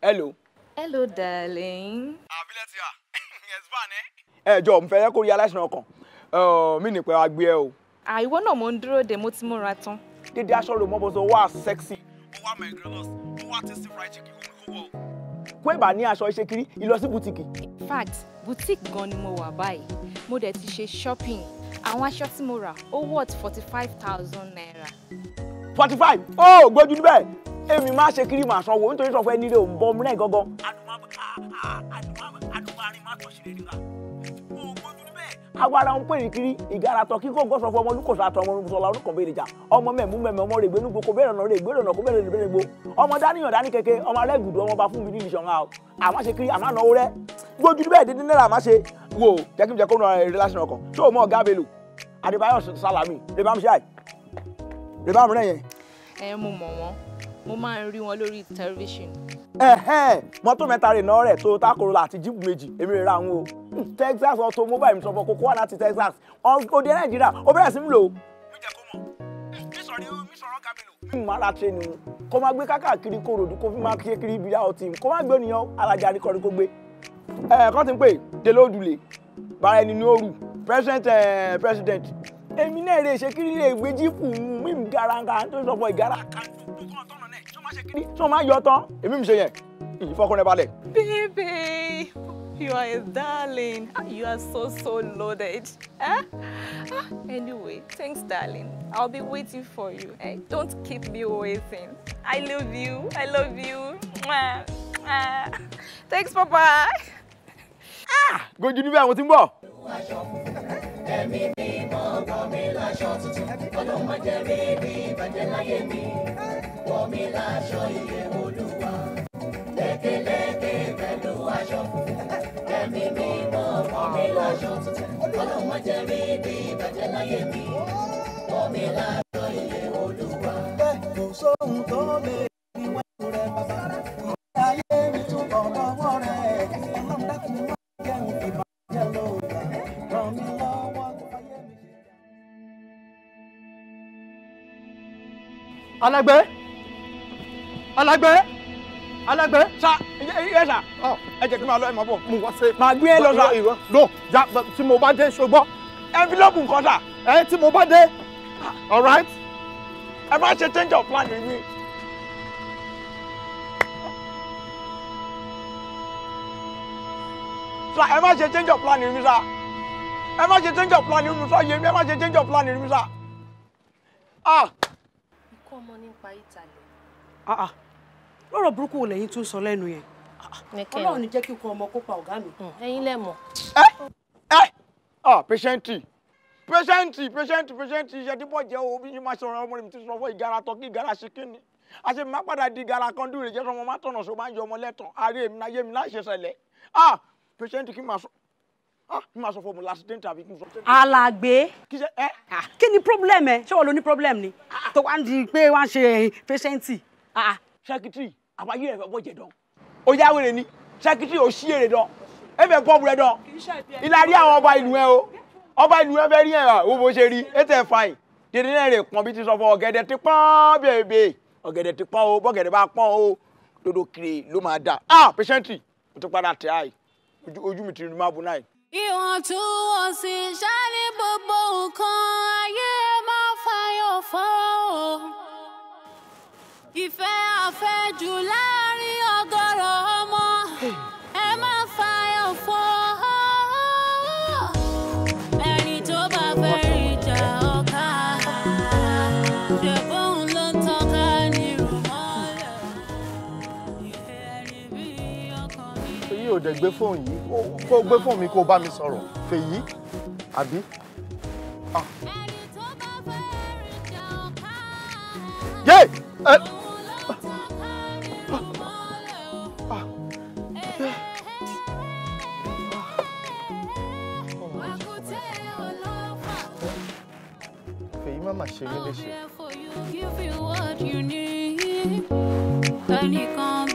hello. hello darling. àbílẹ̀ ti à [LAUGHS] yes bá a ní. ẹ jọ mo fẹ́ yẹ kó rí aláìsàn ọkàn mi nìpẹ́ wa gbé ẹ o. àìwọ náà mo ń dúró de mo ti múra tán. dédé aṣọ rò mọ́ bó so wá sexy. ó wá my girls ó wá tasty fried chicken ó wọ́ o kó ẹ̀bà ní aṣọ iṣẹ́ kiri ìlọ sí bùtíkì. in fact boutique gan ni mo wà báyìí mo dẹ̀ ti ṣe shopping àwọn aṣọ tí mo rà ó worth forty five thousand naira. forty five ó oh, gbójú níbẹ̀ èmi máa ṣe kiri màá sanwó nítorí sọ fún ẹni rẹ ò ń bọ ọmọ rẹ gangan. àdùnmọ́ àrùn máa tọ̀ rẹ̀ nígbà awara ń pè ní kiri ìgara tọ kíkó gọ́sọ̀ fún ọmọ olùkọ́sọ àtọ ọmọ olùsọ̀lá olùkọ́ bèrè jà ọmọ mẹ́mú mẹ́mẹ́ ọmọ rẹ̀ gbénugbó kò bẹ́ẹ̀ rànà rẹ̀ gbé rànà kò bẹ́ẹ̀ rẹ̀ gbénugbó ọmọ dáníyàn dání keke ọmọ arẹ́gùdù ọmọ bá fún mi níbi ìṣọ̀nà o àmọ́ ṣe kiri àmọ́ ànáwó rẹ gbójú bẹ́ẹ̀ dídí náírà má ṣe wò jẹ́ kí n jẹ́ relation ọkàn ṣé o mọ ọ̀gá Bello Adébáyọ̀ Salami rebam ṣáì rebam rẹ̀ mọ́tò mẹ́ta rè náà rẹ̀ Toyota Corolla àti Jeep méjì èmi rè ra àwọn o hmm, Texas Automobile mi sọ̀bọ̀ kókó wà láti Texas òde Nàìjíríà ó bẹ̀rẹ̀ sí ń lò ó. mi jẹ́ kó mọ̀ mi sọ̀rọ̀ mi sọ̀rọ̀ kábìnì mi máa ra tẹnu kó máa gbé kákàkiri kó kó fi máa kí kiri ibi àwọn tìǹ kó máa gbé ènìyàn alájà ní kọrin kó gbé ẹ kọ́ ti ń pè délé òdùlé bàrà ẹni ní òru president president èmi náà rè ṣe kí nílé ìgbé jíìpù mú mi gàràǹgà tó sọ fọ ìgárá kan máa máa yọ tán èmi mi ṣe yẹn ìfọkùnrin balẹ̀. baby you are a darling ah, you are so so loaded eh? Ah, anyway thanks darling i'll be waiting for you eh? don't keep me waiting i love you i love you thanks papa. ah gojú níbẹ̀ àwọn tí ń bọ̀ ẹ̀mí mi bọ́ mi láṣọ tuntun ọlọ́run má jẹ́ rí ibi ìbàjẹ́ láyé mi wọ̀ mi láṣọ ìyè olúwa lékeléké pẹ̀lú aṣọ funfun ẹ̀mí mímọ́ bọ́ mi láṣọ tuntun ọlọ́run má jẹ́ rí ibi ìbàjẹ́ mi wọ̀ mi láṣọ ìyè olúwa. bẹ́ẹ̀ kò sóhun tó lè ní wẹ́ẹ̀kú rẹ̀ bàbá ayé mi tún bọ̀ lọ́wọ́ rẹ̀. alágbẹ alágbẹ alágbẹ sa ah, ẹ sa ẹ jẹ kí n máa lọ ẹ máa bọ mo wá sí. màá gbé ẹ e lọ sa no ja tí mo bá dé ṣùgbọ́n. envelope nǹkan sa. ẹ tí mo bá dé all right. ẹ bá ṣe change of plan yìí. sa ẹ má ṣe change of plan yìí sa ẹ má ṣe change of plan yìí sa yèmí ẹ má ṣe change of plan yìí sa. ah kọ́ mọ nípa ìtàlẹ̀. lọ́rọ̀ ah, ah. burúkú wo lẹ́yìn tó ń sọ lẹ́nu yẹn ah, ọlọ́run ní jẹ́ kí n kọ ọmọ kópa ọ̀gá mi. Hmm, ẹ̀yin lẹ mọ̀. ẹ ẹ ọ pẹṣẹǹtì pẹṣẹǹtì pẹṣẹǹtì pẹṣẹǹtì o bí yín máa ṣọ̀rọ̀ ọmọ mi ti sọ fún ìgara tọ́ kí ìgara ṣe kíni àṣẹ mi má padà di ìgara kan dúró ìjẹ́sọ̀ ọmọ má tọ̀nà ṣọ máa ń yọ ọmọ lẹ́tàn àárẹ̀ mi náà yé mi náà ṣe ṣẹlẹ̀ ah pẹṣẹǹtì kí n máa sọ mi ah, máa sọ fún ọmọ lásìdẹ́ǹt tàbí kí n sọ. alàgbé ah, kí ni problem ẹ ṣé wọn lo ní problem ni ah, tó wá ń di pé wá ń ṣe pẹ́ṣẹ́ǹtì. sẹ́kítírì àbáyé ẹ̀fẹ̀ bọ́ jẹ̀dán ó yá wèrè ni sẹ́kítírì ò sí èrè dán ẹ̀fẹ̀ bọ́ búrẹ́ dán ìlàrí àwọn ọba ìlú ẹ o ọba ìlú ẹ fẹ́ rí ẹ̀ wò bó ṣe rí ètò ẹ̀ fàìn dèdè náà rè pọ́n bí ti sọ fún ọ̀gẹ̀dẹ̀ ti pọ́n bèbè ọ̀gẹ̀dẹ̀ ti pọ́n o bọ́gẹ̀dẹ̀ bá pọ́n o dodo kiri ló máa dà ah pẹ́ṣẹ́ǹtì mo ti padà tẹ̀ áì ojú mi ti rí má ìwọ̀ntúnwọ̀nsì ṣáni gbogbo nǹkan ayé máa fayọ̀ fọ́ o ìfẹ́ àfẹ́jù láàrín. ò dẹ̀ gbé fóònù yìí kó gbé fóònù mi kó bá mi sọ̀rọ̀ fèyí àbí. Ah. yé ẹ. fèyí má má ṣe mí léṣe. ẹnìkan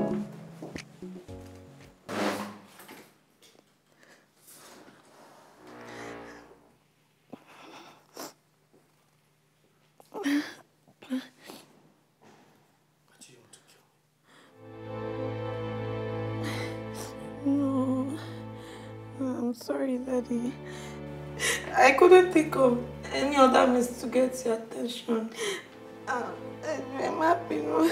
you know.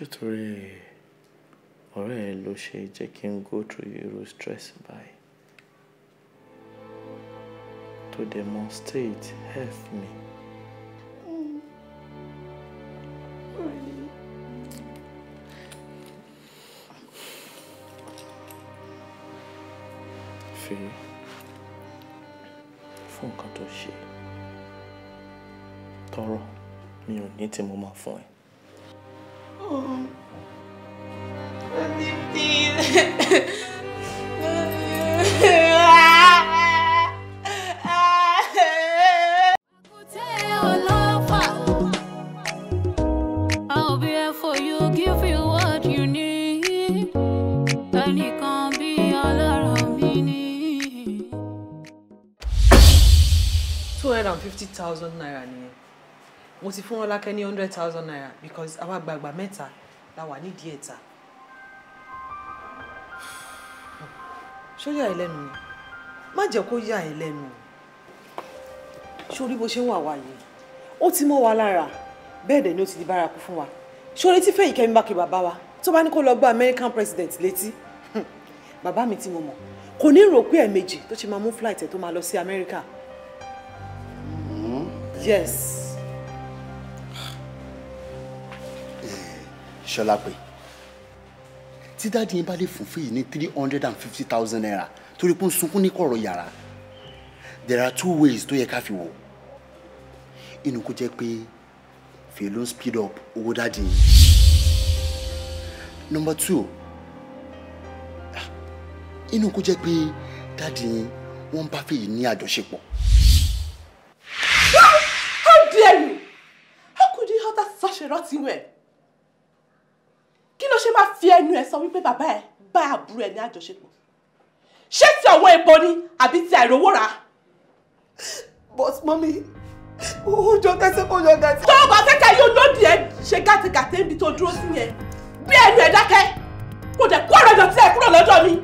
ṣètòrí ọ̀rẹ́ ẹ ló ṣe jẹ́ kí n go through irú stress báyìí to demonstrate help me. fi fún nǹkan tó ṣe tọrọ mi ò ní tí mo máa fún ẹ home. Two hundred and fifty thousand naira mo ti fún ọlákẹ́ ní hundred thousand naira because àwa àgbààgbà mẹ́ta la wà nídìí ẹ̀ta. ṣóyà ẹ lẹ́nu ni má jẹ́ kó yà ẹ lẹ́nu sórí bó ṣe ń wà wá yìí ó ti mọ́ wa lára bẹ́ẹ̀ dẹ̀ ni ó ti di bárakú fún wa sórí tí fẹ́yìí kẹ́mi bá kí bàbá wa tó bá ní kó lọ gbọ́ American president létí bàbá mi tí mo mọ̀ kò ní rò pé ẹ̀ẹ̀mejì tó ṣe máa mú flight ẹ̀ tó máa lọ sí America. Mm-hmm. yes. Ṣọlápé tí dáàdi yẹn bá lè fún fèyí ní three hundred and fifty thousand naira torí pé ń sunkún ní kọ̀rọ̀ yàrá there are two ways tó yẹ ká fi wò inú kó jẹ́ pé fèyí ló ń speed up owó dáàdi yẹn number two inú kó jẹ́ pé dáàdi yẹn wọ́n bá fèyí ní àjọṣepọ̀. How dare you? How could you utter such a rotten way? kí ló ṣe máa fi ẹnu ẹ sọ wípé bàbá ẹ bá àbúrò ẹ ní àjọṣepọ̀ ṣé ti ọ̀wọ́n epo ni àbí ti àìrówó rà á. but mọ́mí ó jọ tẹ́sí kó jọ gàtí. tó o bá fẹ́ ká yóò lòdì ẹ ṣe gàtìgàtì níbi tó dúró sí yẹn bí ẹnu ẹ dákẹ́ kò dẹ̀ kó ọ̀rọ̀ ìdọ̀tí ẹ kúrò lọ́dọ̀ mi. [LAUGHS]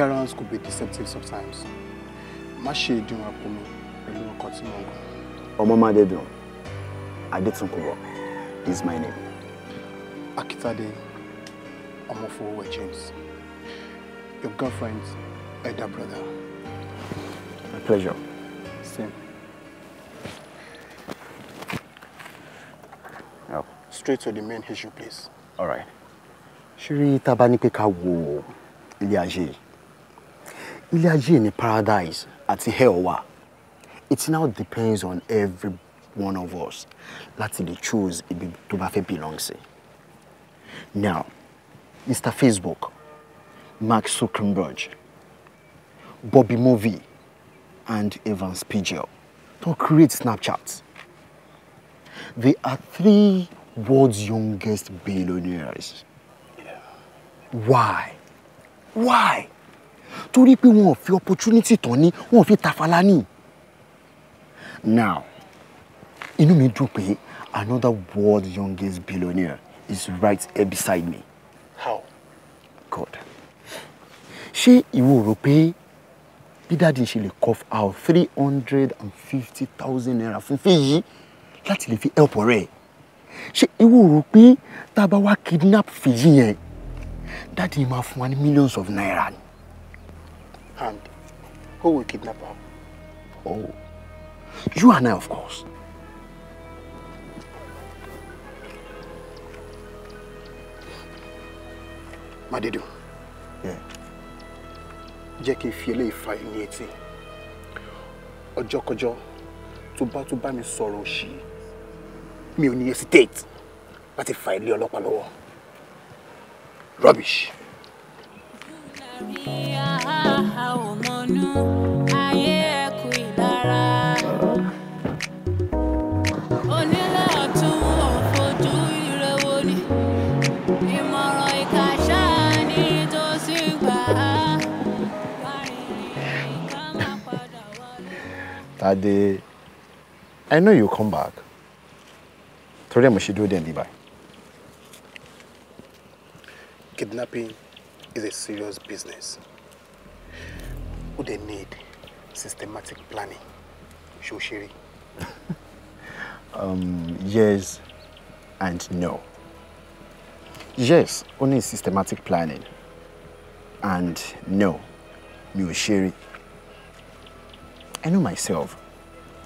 appearance could be deceptive sometimes má ṣe ìdùnnú àpò mi pẹ̀lú ọkọ̀ tí mo gùn. ọmọmádédùn adétúnkùbọ is my name. akitade ọmọfowó james your girlfriend elder brother. my pleasure. same. Yep. straight to the main issue please. all right. ṣé rí tá a bá wo ilé ayé yìí ilé ayé ni paradise àti hell wà it now depends on every one of us láti dey choose ibi tó bá fẹ́ belong sí now mr facebook mark zuckerberg bobby movi and evans pidgeot to create snapchat they are three world's youngest billionaires yeah. why why torí pé wọn ò fi opportunity tán ní wọn ò fi tafala ní. now inú mi dùn pé another world youngest billionaire is right here beside me. how? god ṣé ìwọ rò pé bí dáàdi ṣe lè cough out three hundred and fifty thousand naira fún fèyí láti lè fi help ọ̀rẹ́ ẹ̀ ṣé ìwọ rò pé tá a bá wá kidnap fèyí yẹn dáàdi máa fún wa ní millions of naira ni. And who will kidnap her? Oh, you and I, of course. Madedo. Yeah. Jẹ́ kí n fi eléyìí fa ẹni etí. Ọjọ́kọjọ́ tó bá tó bá mi sọ̀rọ̀ she. mi ò ní hesitate if I ilé ọlọ́pàá lọ́wọ́. Rubbish. Tade, I know you come back. Today, ẹ̀ should do dúró dẹ̀ níbàyí. Kidnapping is a serious business. Who they need systematic planning. Shoshiri. [LAUGHS] um, yes and no. Yes, only systematic planning. And no, Mioshiri. I know myself.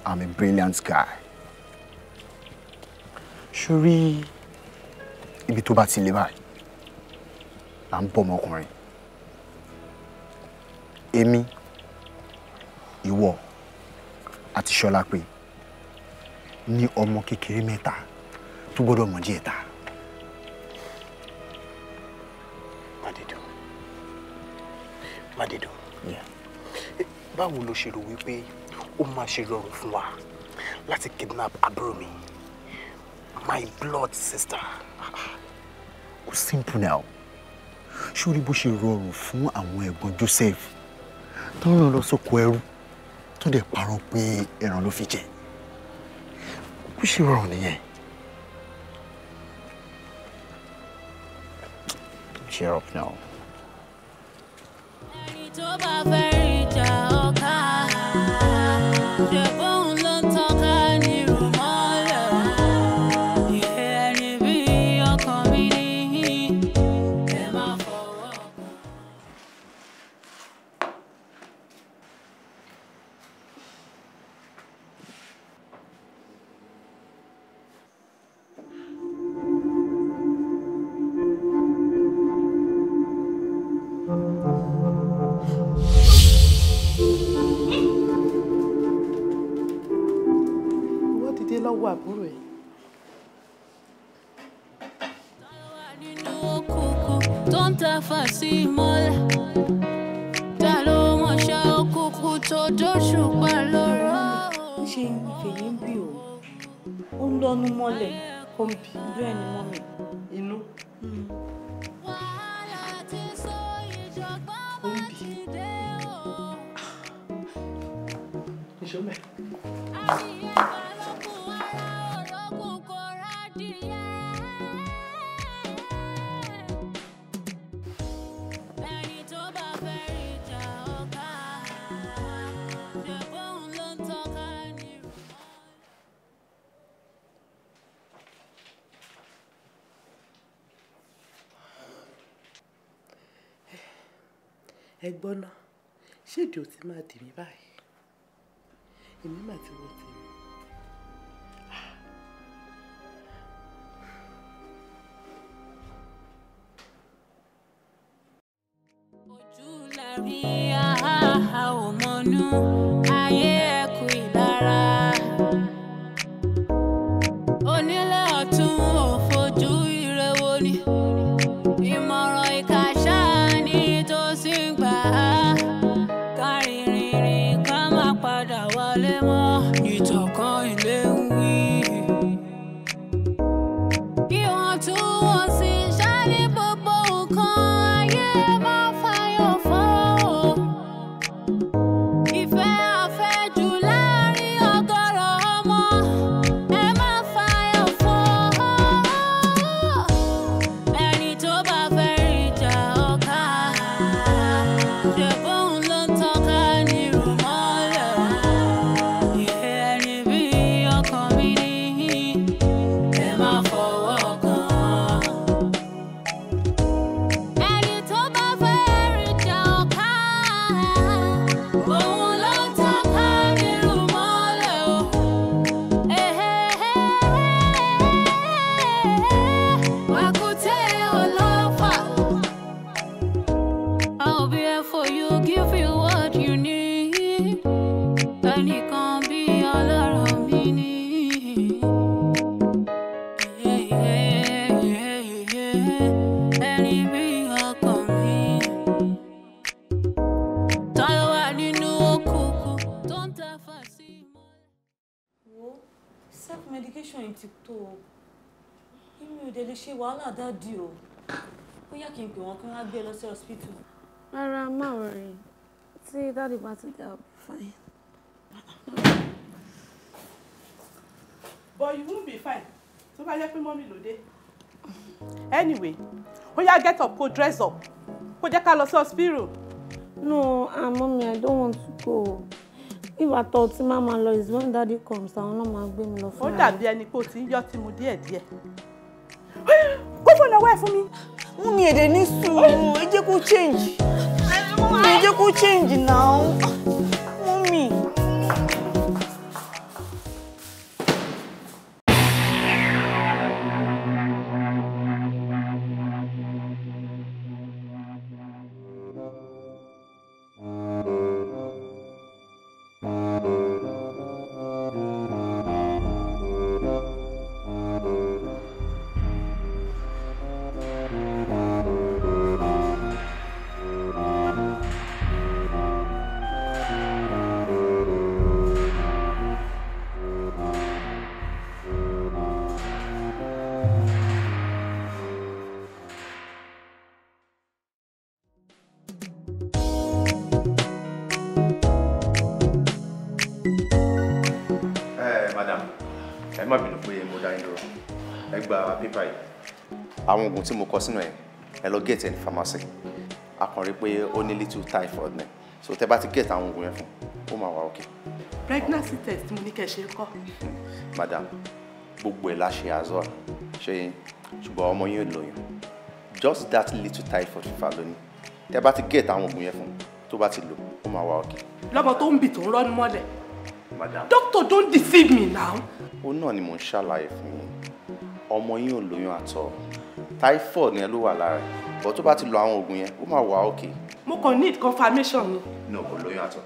I'm a brilliant guy. Ṣorí, ibi tó bá ti lè báyìí là ń bọ́ ọmọkùnrin èmi ìwọ àti Ṣọlápé ní ọmọ kékeré mẹ́ta tó gbọ́dọ̀ mọ̀ díẹ̀ ta. Mádédò Mádédò báwo lo ṣe rò wípé ó máa ṣe rọrùn fún wa láti kidnap àbúrò mi my blood sister. Ó simple now sórí bó ṣe rọrùn fún àwọn ẹ̀gbọ́n Joseph tó ń ràn lọ sóko ẹrú tó dẹ̀ parọ́ pé ẹran ló fi jẹ bó ṣe rọrùn nìyẹn. Cheer up now. 公平。愿你们。kéde ò ti máa dì mí báyìí èmi mà ti wọ tèmi. Ah. ojú la rí àhà ọmọ náà. máa gbé lọ sí hospital. rárá má ò tí dáàdì bá ti dé i'll fine. but you won't be fine tó bá jẹ́ pé mọ́mí ló dé. anyway ó yá get up kó dress up kó jẹ́ ká lọ sí hospital. no ah mommy i don't want to go if at all tí màmá lọ is when daddy comes àwọn náà máa gbé mi lọ fún mi. ó dàbí ẹni pé o ti ń yọ tìmù díẹ̀díẹ̀. [GASPS] kó fún ọ lọ́wọ́ ẹ̀ fún mi. Mummy èdè ní sùúrù ẹ jẹ́ to change. I ẹ jẹ́ kó change now. Mummy. àwọn oògùn tí mo kọ sínú ẹ̀ ẹ lọ gate ẹni pharmacy a pé ó ní little typhoid ní so tẹ bá ti gate àwọn oògùn yẹn fún ó máa wà okay. pregnancy test mo ní kẹ́ ṣe hmm, madam gbogbo ẹ̀ la ṣe azọ́ra ṣe yín ṣùgbọ́n ọmọ yín lóyún just that little typhoid fever lónìí tẹ bá ti gate àwọn oògùn yẹn fún tó bá ti lò ó máa wà okay. lọ́mọ tó ń bì tó ń rọ́ni mọ́lẹ̀ madam. doctor don't deceive me now. ó náà ni mò ń ṣàlàyé fún yín ọmọ yín ò lóyún at typhoid yẹn ló wà lára ẹ̀ but tó bá ti lo àwọn oògùn yẹn ó máa wà okay. mo kàn need confirmation ni. no kò lóyún àtọ̀.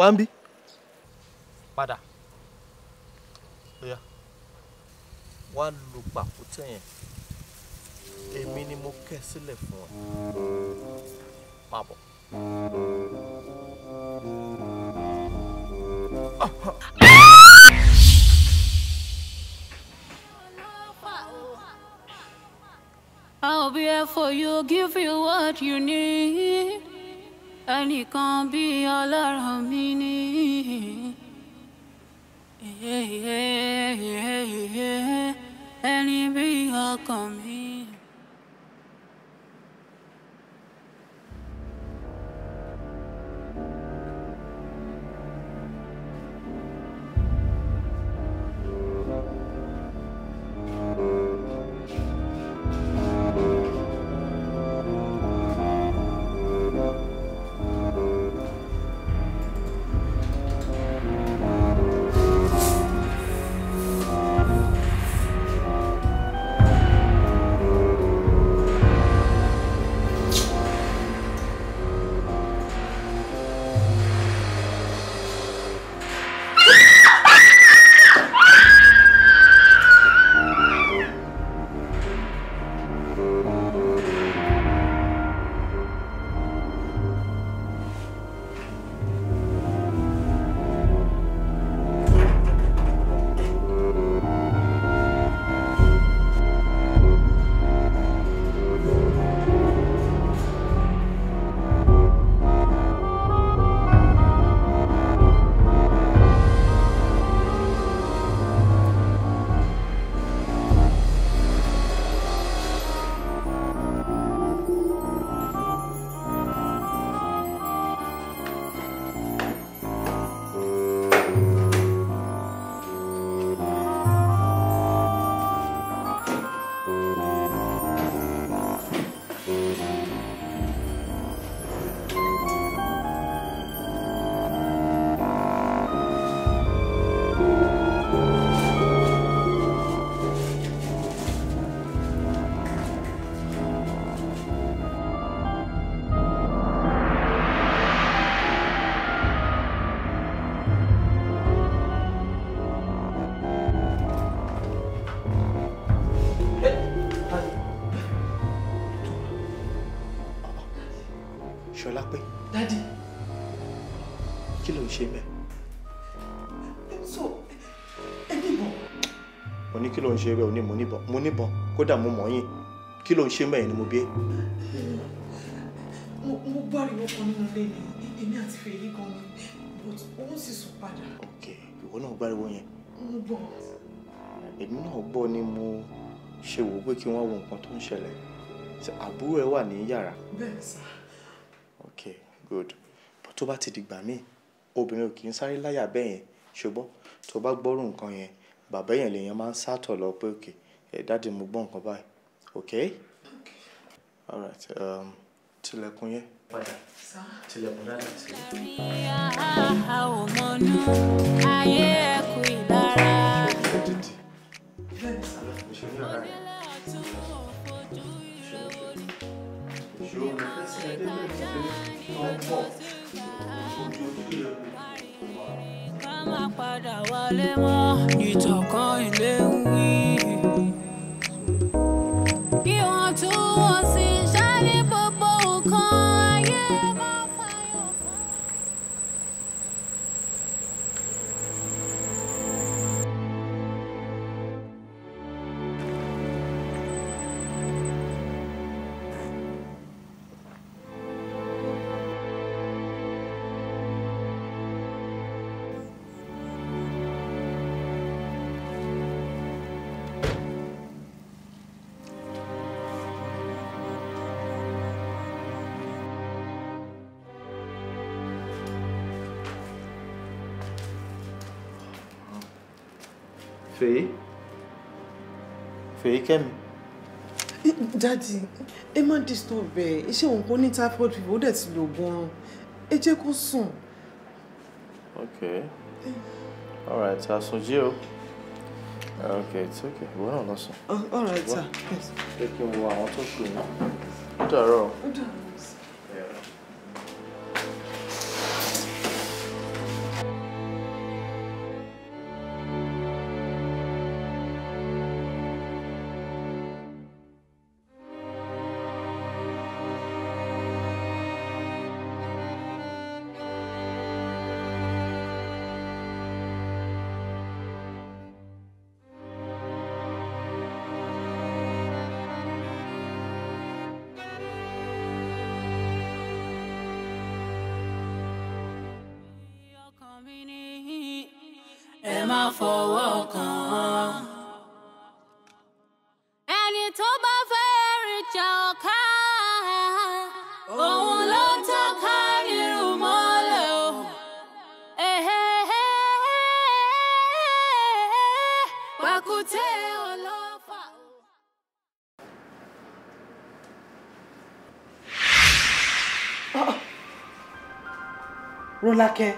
wá ń bí. padà bóyá wá lu pàkúté ni mo kẹ́ sílẹ̀ I'll be here for you, give you what you need ẹnìkan bí ọlọ́run mi ní. ẹni bí ọkàn mi. ṣọlá pé. dádì. kí ló ń ṣe bẹ́ẹ̀. so ẹ níbọn. mo ní kí ló ń ṣe bẹ́ẹ̀ o ní mo níbọn mo níbọn kódà mo mọ̀ yín kí ló ń ṣe bẹ́ẹ̀ ni mo bí ẹ. mo mo gbọ́ àríwọ́ kan nínú ilé mi èmi àti fèyí gan ni but òun sì sùn padà. ok ìwọ náà gbáriwo yẹn. mo gbọ́. èmi náà gbọ́ ni mo ṣe wò ó pé kí wọ́n wo nǹkan tó ń ṣẹlẹ̀ àbúrò ẹ wà ní yàrá. bẹ́ẹ̀ sá good but tó bá ti dìgbà míì obìnrin ò kì í sáré láyà bẹ́ẹ̀ yẹn ṣùgbọ́n tó bá gbọ́rù nǹkan yẹn bàbá yẹn lèèyàn máa ń sátọ̀ lọ pé òkè ẹ̀ dáàdì mo gbọ́ nǹkan báyìí ok alright um, tilẹ̀kùn yẹn padà tilẹ̀kùn dáàdì sí. ayé ẹ̀kú ìlara. bẹ́ẹ̀ ni sábà mo ṣe ní ọ̀rá yẹn. 求我们跟随的人的突破，我求助人。Ká má padà wálé mọ́, kẹ́mi. dadi ẹ má disturb ẹ iṣẹ́ òun kò ní typhoid fever ó dẹ̀ ti lò gan-an ẹ jẹ́ kó sùn. ok all right asunjí o ok it's ok ìwọ náà lọ sùn. all right sir. jẹ́ kí n wo àwọn tó kù yín. ó dàárọ̀. ó dàárọ̀. ẹ má fọwọ́ kàn án. ẹni tó bá fẹ́ rìjà ọ̀ka òun ló ń tọ́ka irú mọ́lẹ̀ o. pàkúté ọlọ́fà. Ah, ah. Rọ́lákẹ́.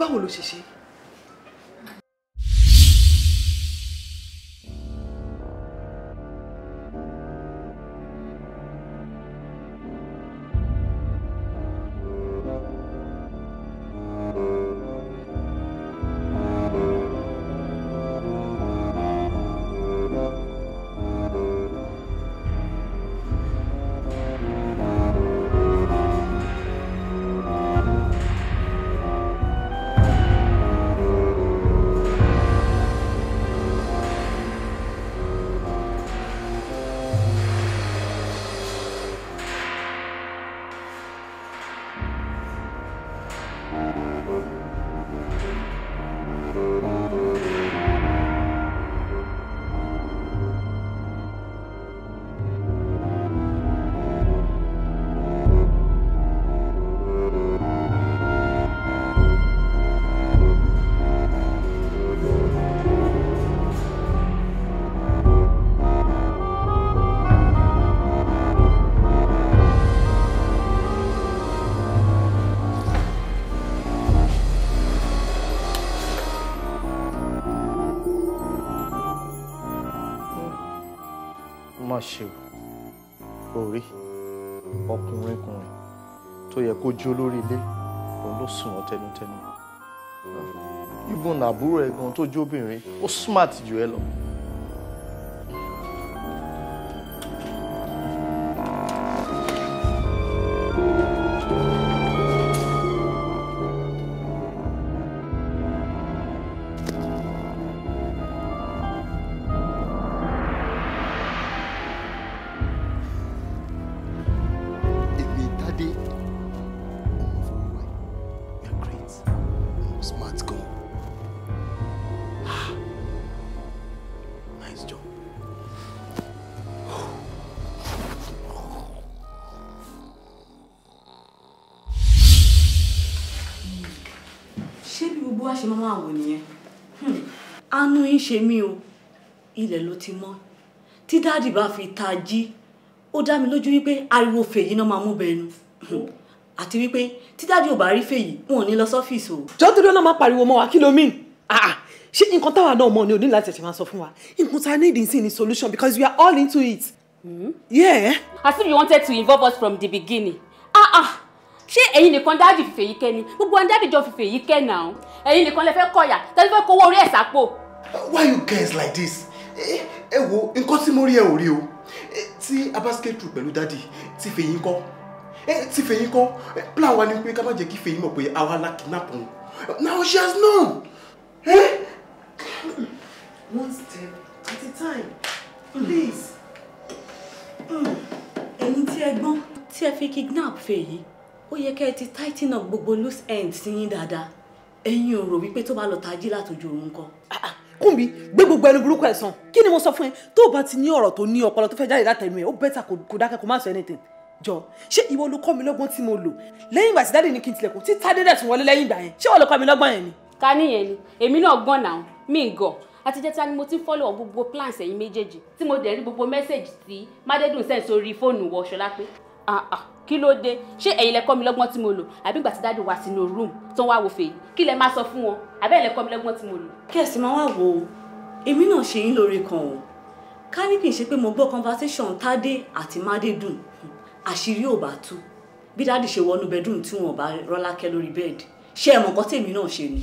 báwo ló ṣe ṣe ṣe o òrí ọkùnrin kùnrin tó yẹ kó jí olórí ilé òun ló sùn wọn tẹnutẹnu ibùn àbúrò ẹ̀gbọ́n tó jóbìnrin ó smart jù ẹ lọ. dádì bá fi ta jí ó dá mi lójú wípé ariwo fèyí náà máa mú bẹnu oh. àti wípé tí ò bá rí fèyí wọn ò ní lọ sọ́fíìsì o. jọ́dúró náà máa pariwo mọ́ wa kí ló mean ah, ah. ṣé nǹkan táwa náà mọ̀ ni ò láti ṣẹ̀ṣẹ̀ máa sọ fún wa nǹkan tá a need sí ni solution because we are all into it. Hmm? yeah. as if you wanted to involve us from the beginning. ah ah ṣé ẹ̀yin nìkan dáàdì fìfè yìí kẹ́ ni gbogbo àwọn dáàdì jọ fìfè yìí kẹ́ náà ẹ̀yin nìkan lẹ fẹ́ kọ̀yà tẹ́lifẹ́ kówó orí ẹ̀ sápò. why you guys like this? Eh, ẹ wo nǹkan tí mo rí ẹ ò rí o tí abasket true pẹ̀lú dádì tí fèyí kọ́ tí fèyí kọ́ plan wa ni pé ká má jẹ́ kí fèyí mọ̀ pé àwa la kidnap òun now she has known. one step at a time please ẹ̀yin tí ẹ gbọ́n tí ẹ fi kidnap fèyí ó yẹ kẹ́ ẹ ti tighten up gbogbo loose ends yín dáadáa ẹ̀yin ò rò wípé tó bá lọ tají látòjú òun kọ́. Ah, ah. Kúnmi gbé gbogbo ẹnu burúkú ẹ̀ sàn kí ni mo sọ fún ẹ tó o bá ti ní ọ̀rọ̀ tó ní ọpọlọ tó fẹ́ jáde látẹnu ẹ ó bẹ́tà kó dákẹ́ kó má sọ anything jọ ṣé ìwọ ló kọ́ mi lọ́gbọ́n tí mo lò lẹ́yìn ìgbà tí dáàdì ní kí n tilẹ̀kùn tí tádé dẹ̀ tún wọlé lẹ́yìn ìgbà yẹn ṣé ìwọ ló kọ́ mi lọ́gbọ́n yẹn ni. ká níyẹn ni èmi náà gbọ́n náà mi gọ̀ àtijẹ́ta ni mo ti ń fọ́lọ̀ gbogbo plans ẹ̀yin méjèèjì tí mo dẹ̀ rí gbogbo mẹ́sẹ̀gì tí mádẹ́dùn sẹ́ǹsì orí fóònù wọ ṣọlá pé Ah, ah, kí ló dé ṣé ẹ̀yin lẹ kọ́ mi lọ́gbọ́n tí mo lò àbí ìgbà tí dáàdì wá sínú room tó ń wá wo fèyí kí lẹ máa sọ fún wọn àbí ẹ̀ lẹ kọ́ mi lọ́gbọ́n tí mo lò. kẹ́sì máa wá wo èmi náà ṣe yín lóore kan o ká ní kì í ṣe pé mo gbọ́ conversation tádé àti mádédùn àṣírí ò bá tú bí dáàdì ṣe wọnú bedroom tí wọn ò bá rọ́lákẹ́ lórí bẹ́ẹ̀dì ṣé ẹ mọ̀ nǹkan tèmi náà ṣe ni.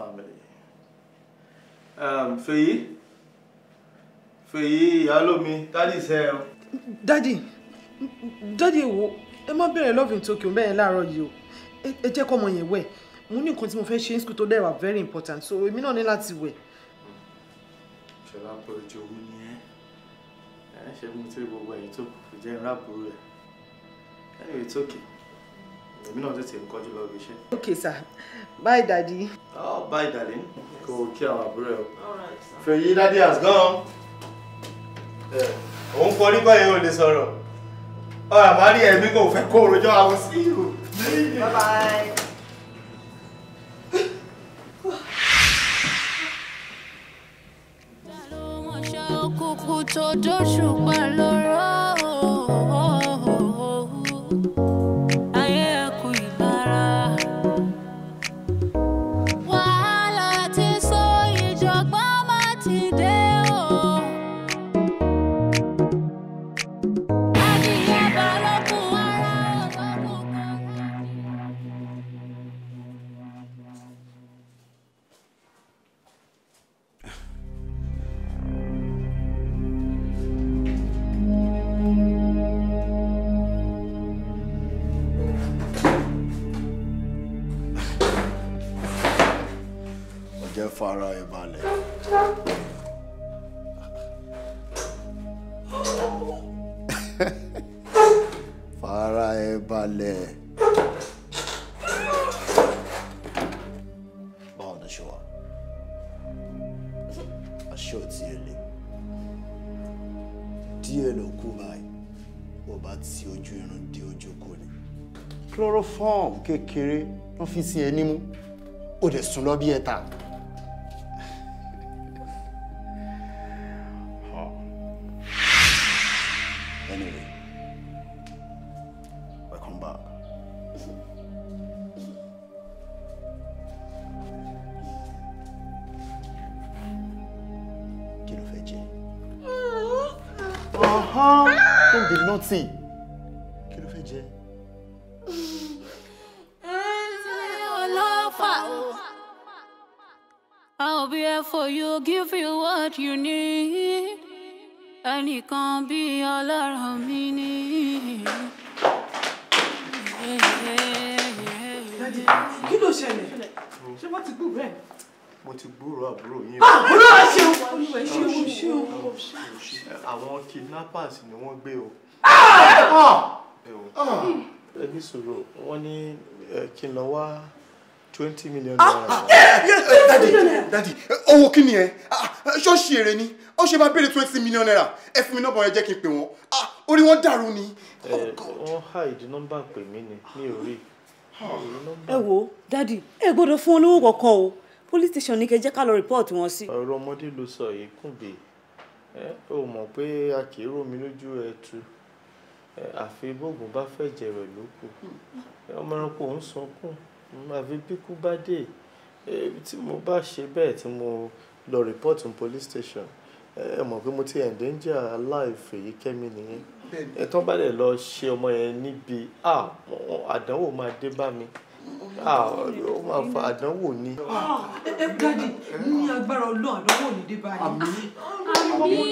family. Um, Fèyí, Fèyí, Ìyálómi, dádì sẹ́ ọ. Dádì, dádì wo, ẹ má bẹ̀rẹ̀ love in Tokyo bẹ́ẹ̀ láàárọ̀ yìí o. Ẹ jẹ́ kọ́mọ yẹn wẹ̀. Mo ní nǹkan tí mo fẹ́ ṣe ní school tó dẹ̀ very important so èmi náà ní láti wẹ̀. Ṣọlá pọ̀ ẹjọ́ owó ni ẹ́. Ẹ ṣe mú tí gbogbo ẹ̀yìn tó kù jẹ́ ìrábùrú ẹ̀. Anyway, it's okay èmi náà tètè ń kọjú lọ ibi iṣẹ́. sir bye daddy. oh bye darling kò kí àwọn àbúrò ẹ o. fèyí daddy has gone. òun kọ nípa yẹn ò lè sọ̀rọ̀ ọ̀rọ̀ àmọ́ ní ẹ̀mí kò fẹ́ kó rojọ́ àwọn sí ìlú. bye bye. tó dóṣù pẹ̀lú. iṣẹ́ ò tiẹ̀ lé díẹ̀ ló kú báyìí bó bá ti ojú irun dé ojú kò ní. chloroform kékeré wọ́n fi sí ẹ nímú ó dẹ̀ sùn lọ bí ẹ̀ta. E kan bí ọlọ́run mi ní. kí ló ṣẹlẹ̀ ṣé wọ́n ti gbúrò ẹ̀. mo ti gbúrò àbúrò yín. Ah, àbúrò ẹ ṣeun olúwa ẹ ṣeun ṣeun. àwọn kidnappers ni wọ́n gbé o. Ah! Ah! ẹ ní sùúrù wọ́n ní kí n lọ wá twenty million naira. daddy daddy owó kí ni ẹ ṣọ́ọ̀ṣì èrè ni ó ṣe máa béèrè twenty million naira ẹ fún mi nọ́mbà yẹn jẹ́ kí n pè wọ́n ah orí wọn dàrú ni. ẹ eh, oh wọn hide nọ́mbà pè mí ni mi ò rí. ẹ wo dadi ẹ gbọ́dọ̀ fún wọn lówó kankan o police station ní kẹ́ jẹ́ ká lọ report wọn sí. ọ̀rọ̀ ọmọdé ló sọ yìí kùnbé ẹ ò mọ̀ pé a kì í rómi lójú ẹ tu àfi bóògùn bá fẹ́ jẹ̀rẹ̀ ló kù ọmọ ẹranko ń sunkún àfi bíkú bá dé tí mo bá ṣe bẹ́ẹ̀ tí mo lọ report on police station ẹ mọ̀ pé mo ti endanger life Fèyíkẹ́mi nìyẹn ẹ tán bá dẹ̀ lọ ṣe ọmọ yẹn níbi àdánwò máa dé bá mi ó máa fa àdánwò ni. Ah, ẹ gadi ní agbára ọlọ́run àdánwò ní dé báyìí. àmì ọlọ́run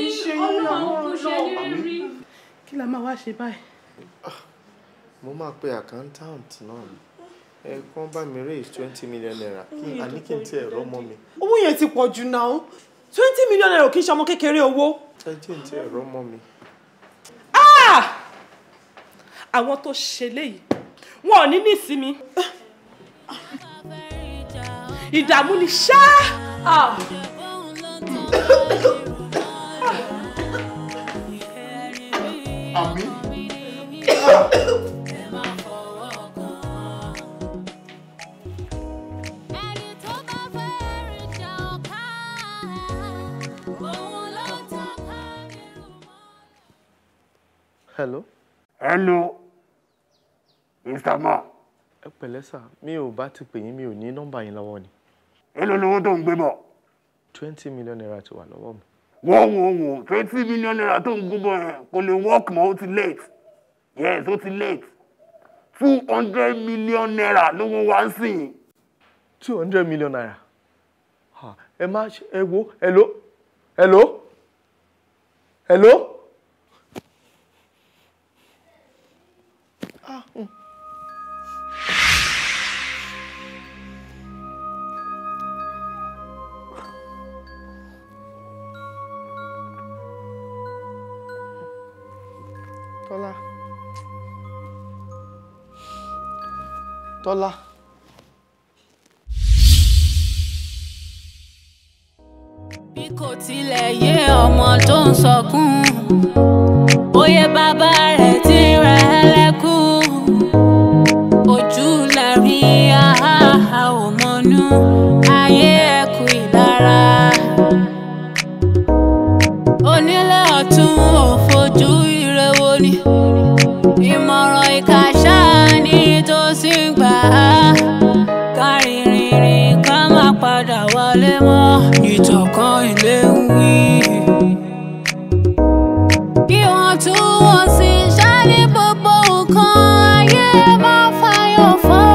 kò ṣe ní rí. kí la máa wá ṣe báyìí. Ah, mo máa pe accountant náà ni ẹ kàn bá mi raise twenty million naira àní kí n tiẹ̀ rọ́mọ mi. owó yẹn ti pọ̀ jù náà twenty million naira kì í ṣe ọmọ kékeré owó. ẹjẹ ń tẹ ẹ̀rọ mọ́ mi. Ah! àwọn tó ṣe léyìí wọn ò ní ní ìsinmi ìdààmú ni ṣá. Ah! [COUGHS] àmín. hello. hello mr ma. ẹ pẹ̀lẹ́ sà mi ò bá ti pè yín mi ò ní nọ́mbà yín lọ́wọ́ ni. èló lówó tó ń gbé bọ̀. twenty million naira ti wà lọ́wọ́ mi. wọ́n wò ó twenty million naira tó ń gbé bọ̀ yẹn kò lè work mọ́ ó ti late yes ó ti late two hundred million naira lówó wá sí i. two hundred million naira ẹ má ẹ wo hello hello hello. hello? Ah, oh. Tọ́lá. tilẹ̀ yé ọmọ tó ń sọkún bóyá bàbá mọ́ ìtọ̀kọ́ ilé ń wí. Ìwọ̀ntúnwọ̀nsì ṣáà ní gbogbo nǹkan ayé máa fayọ̀ fún.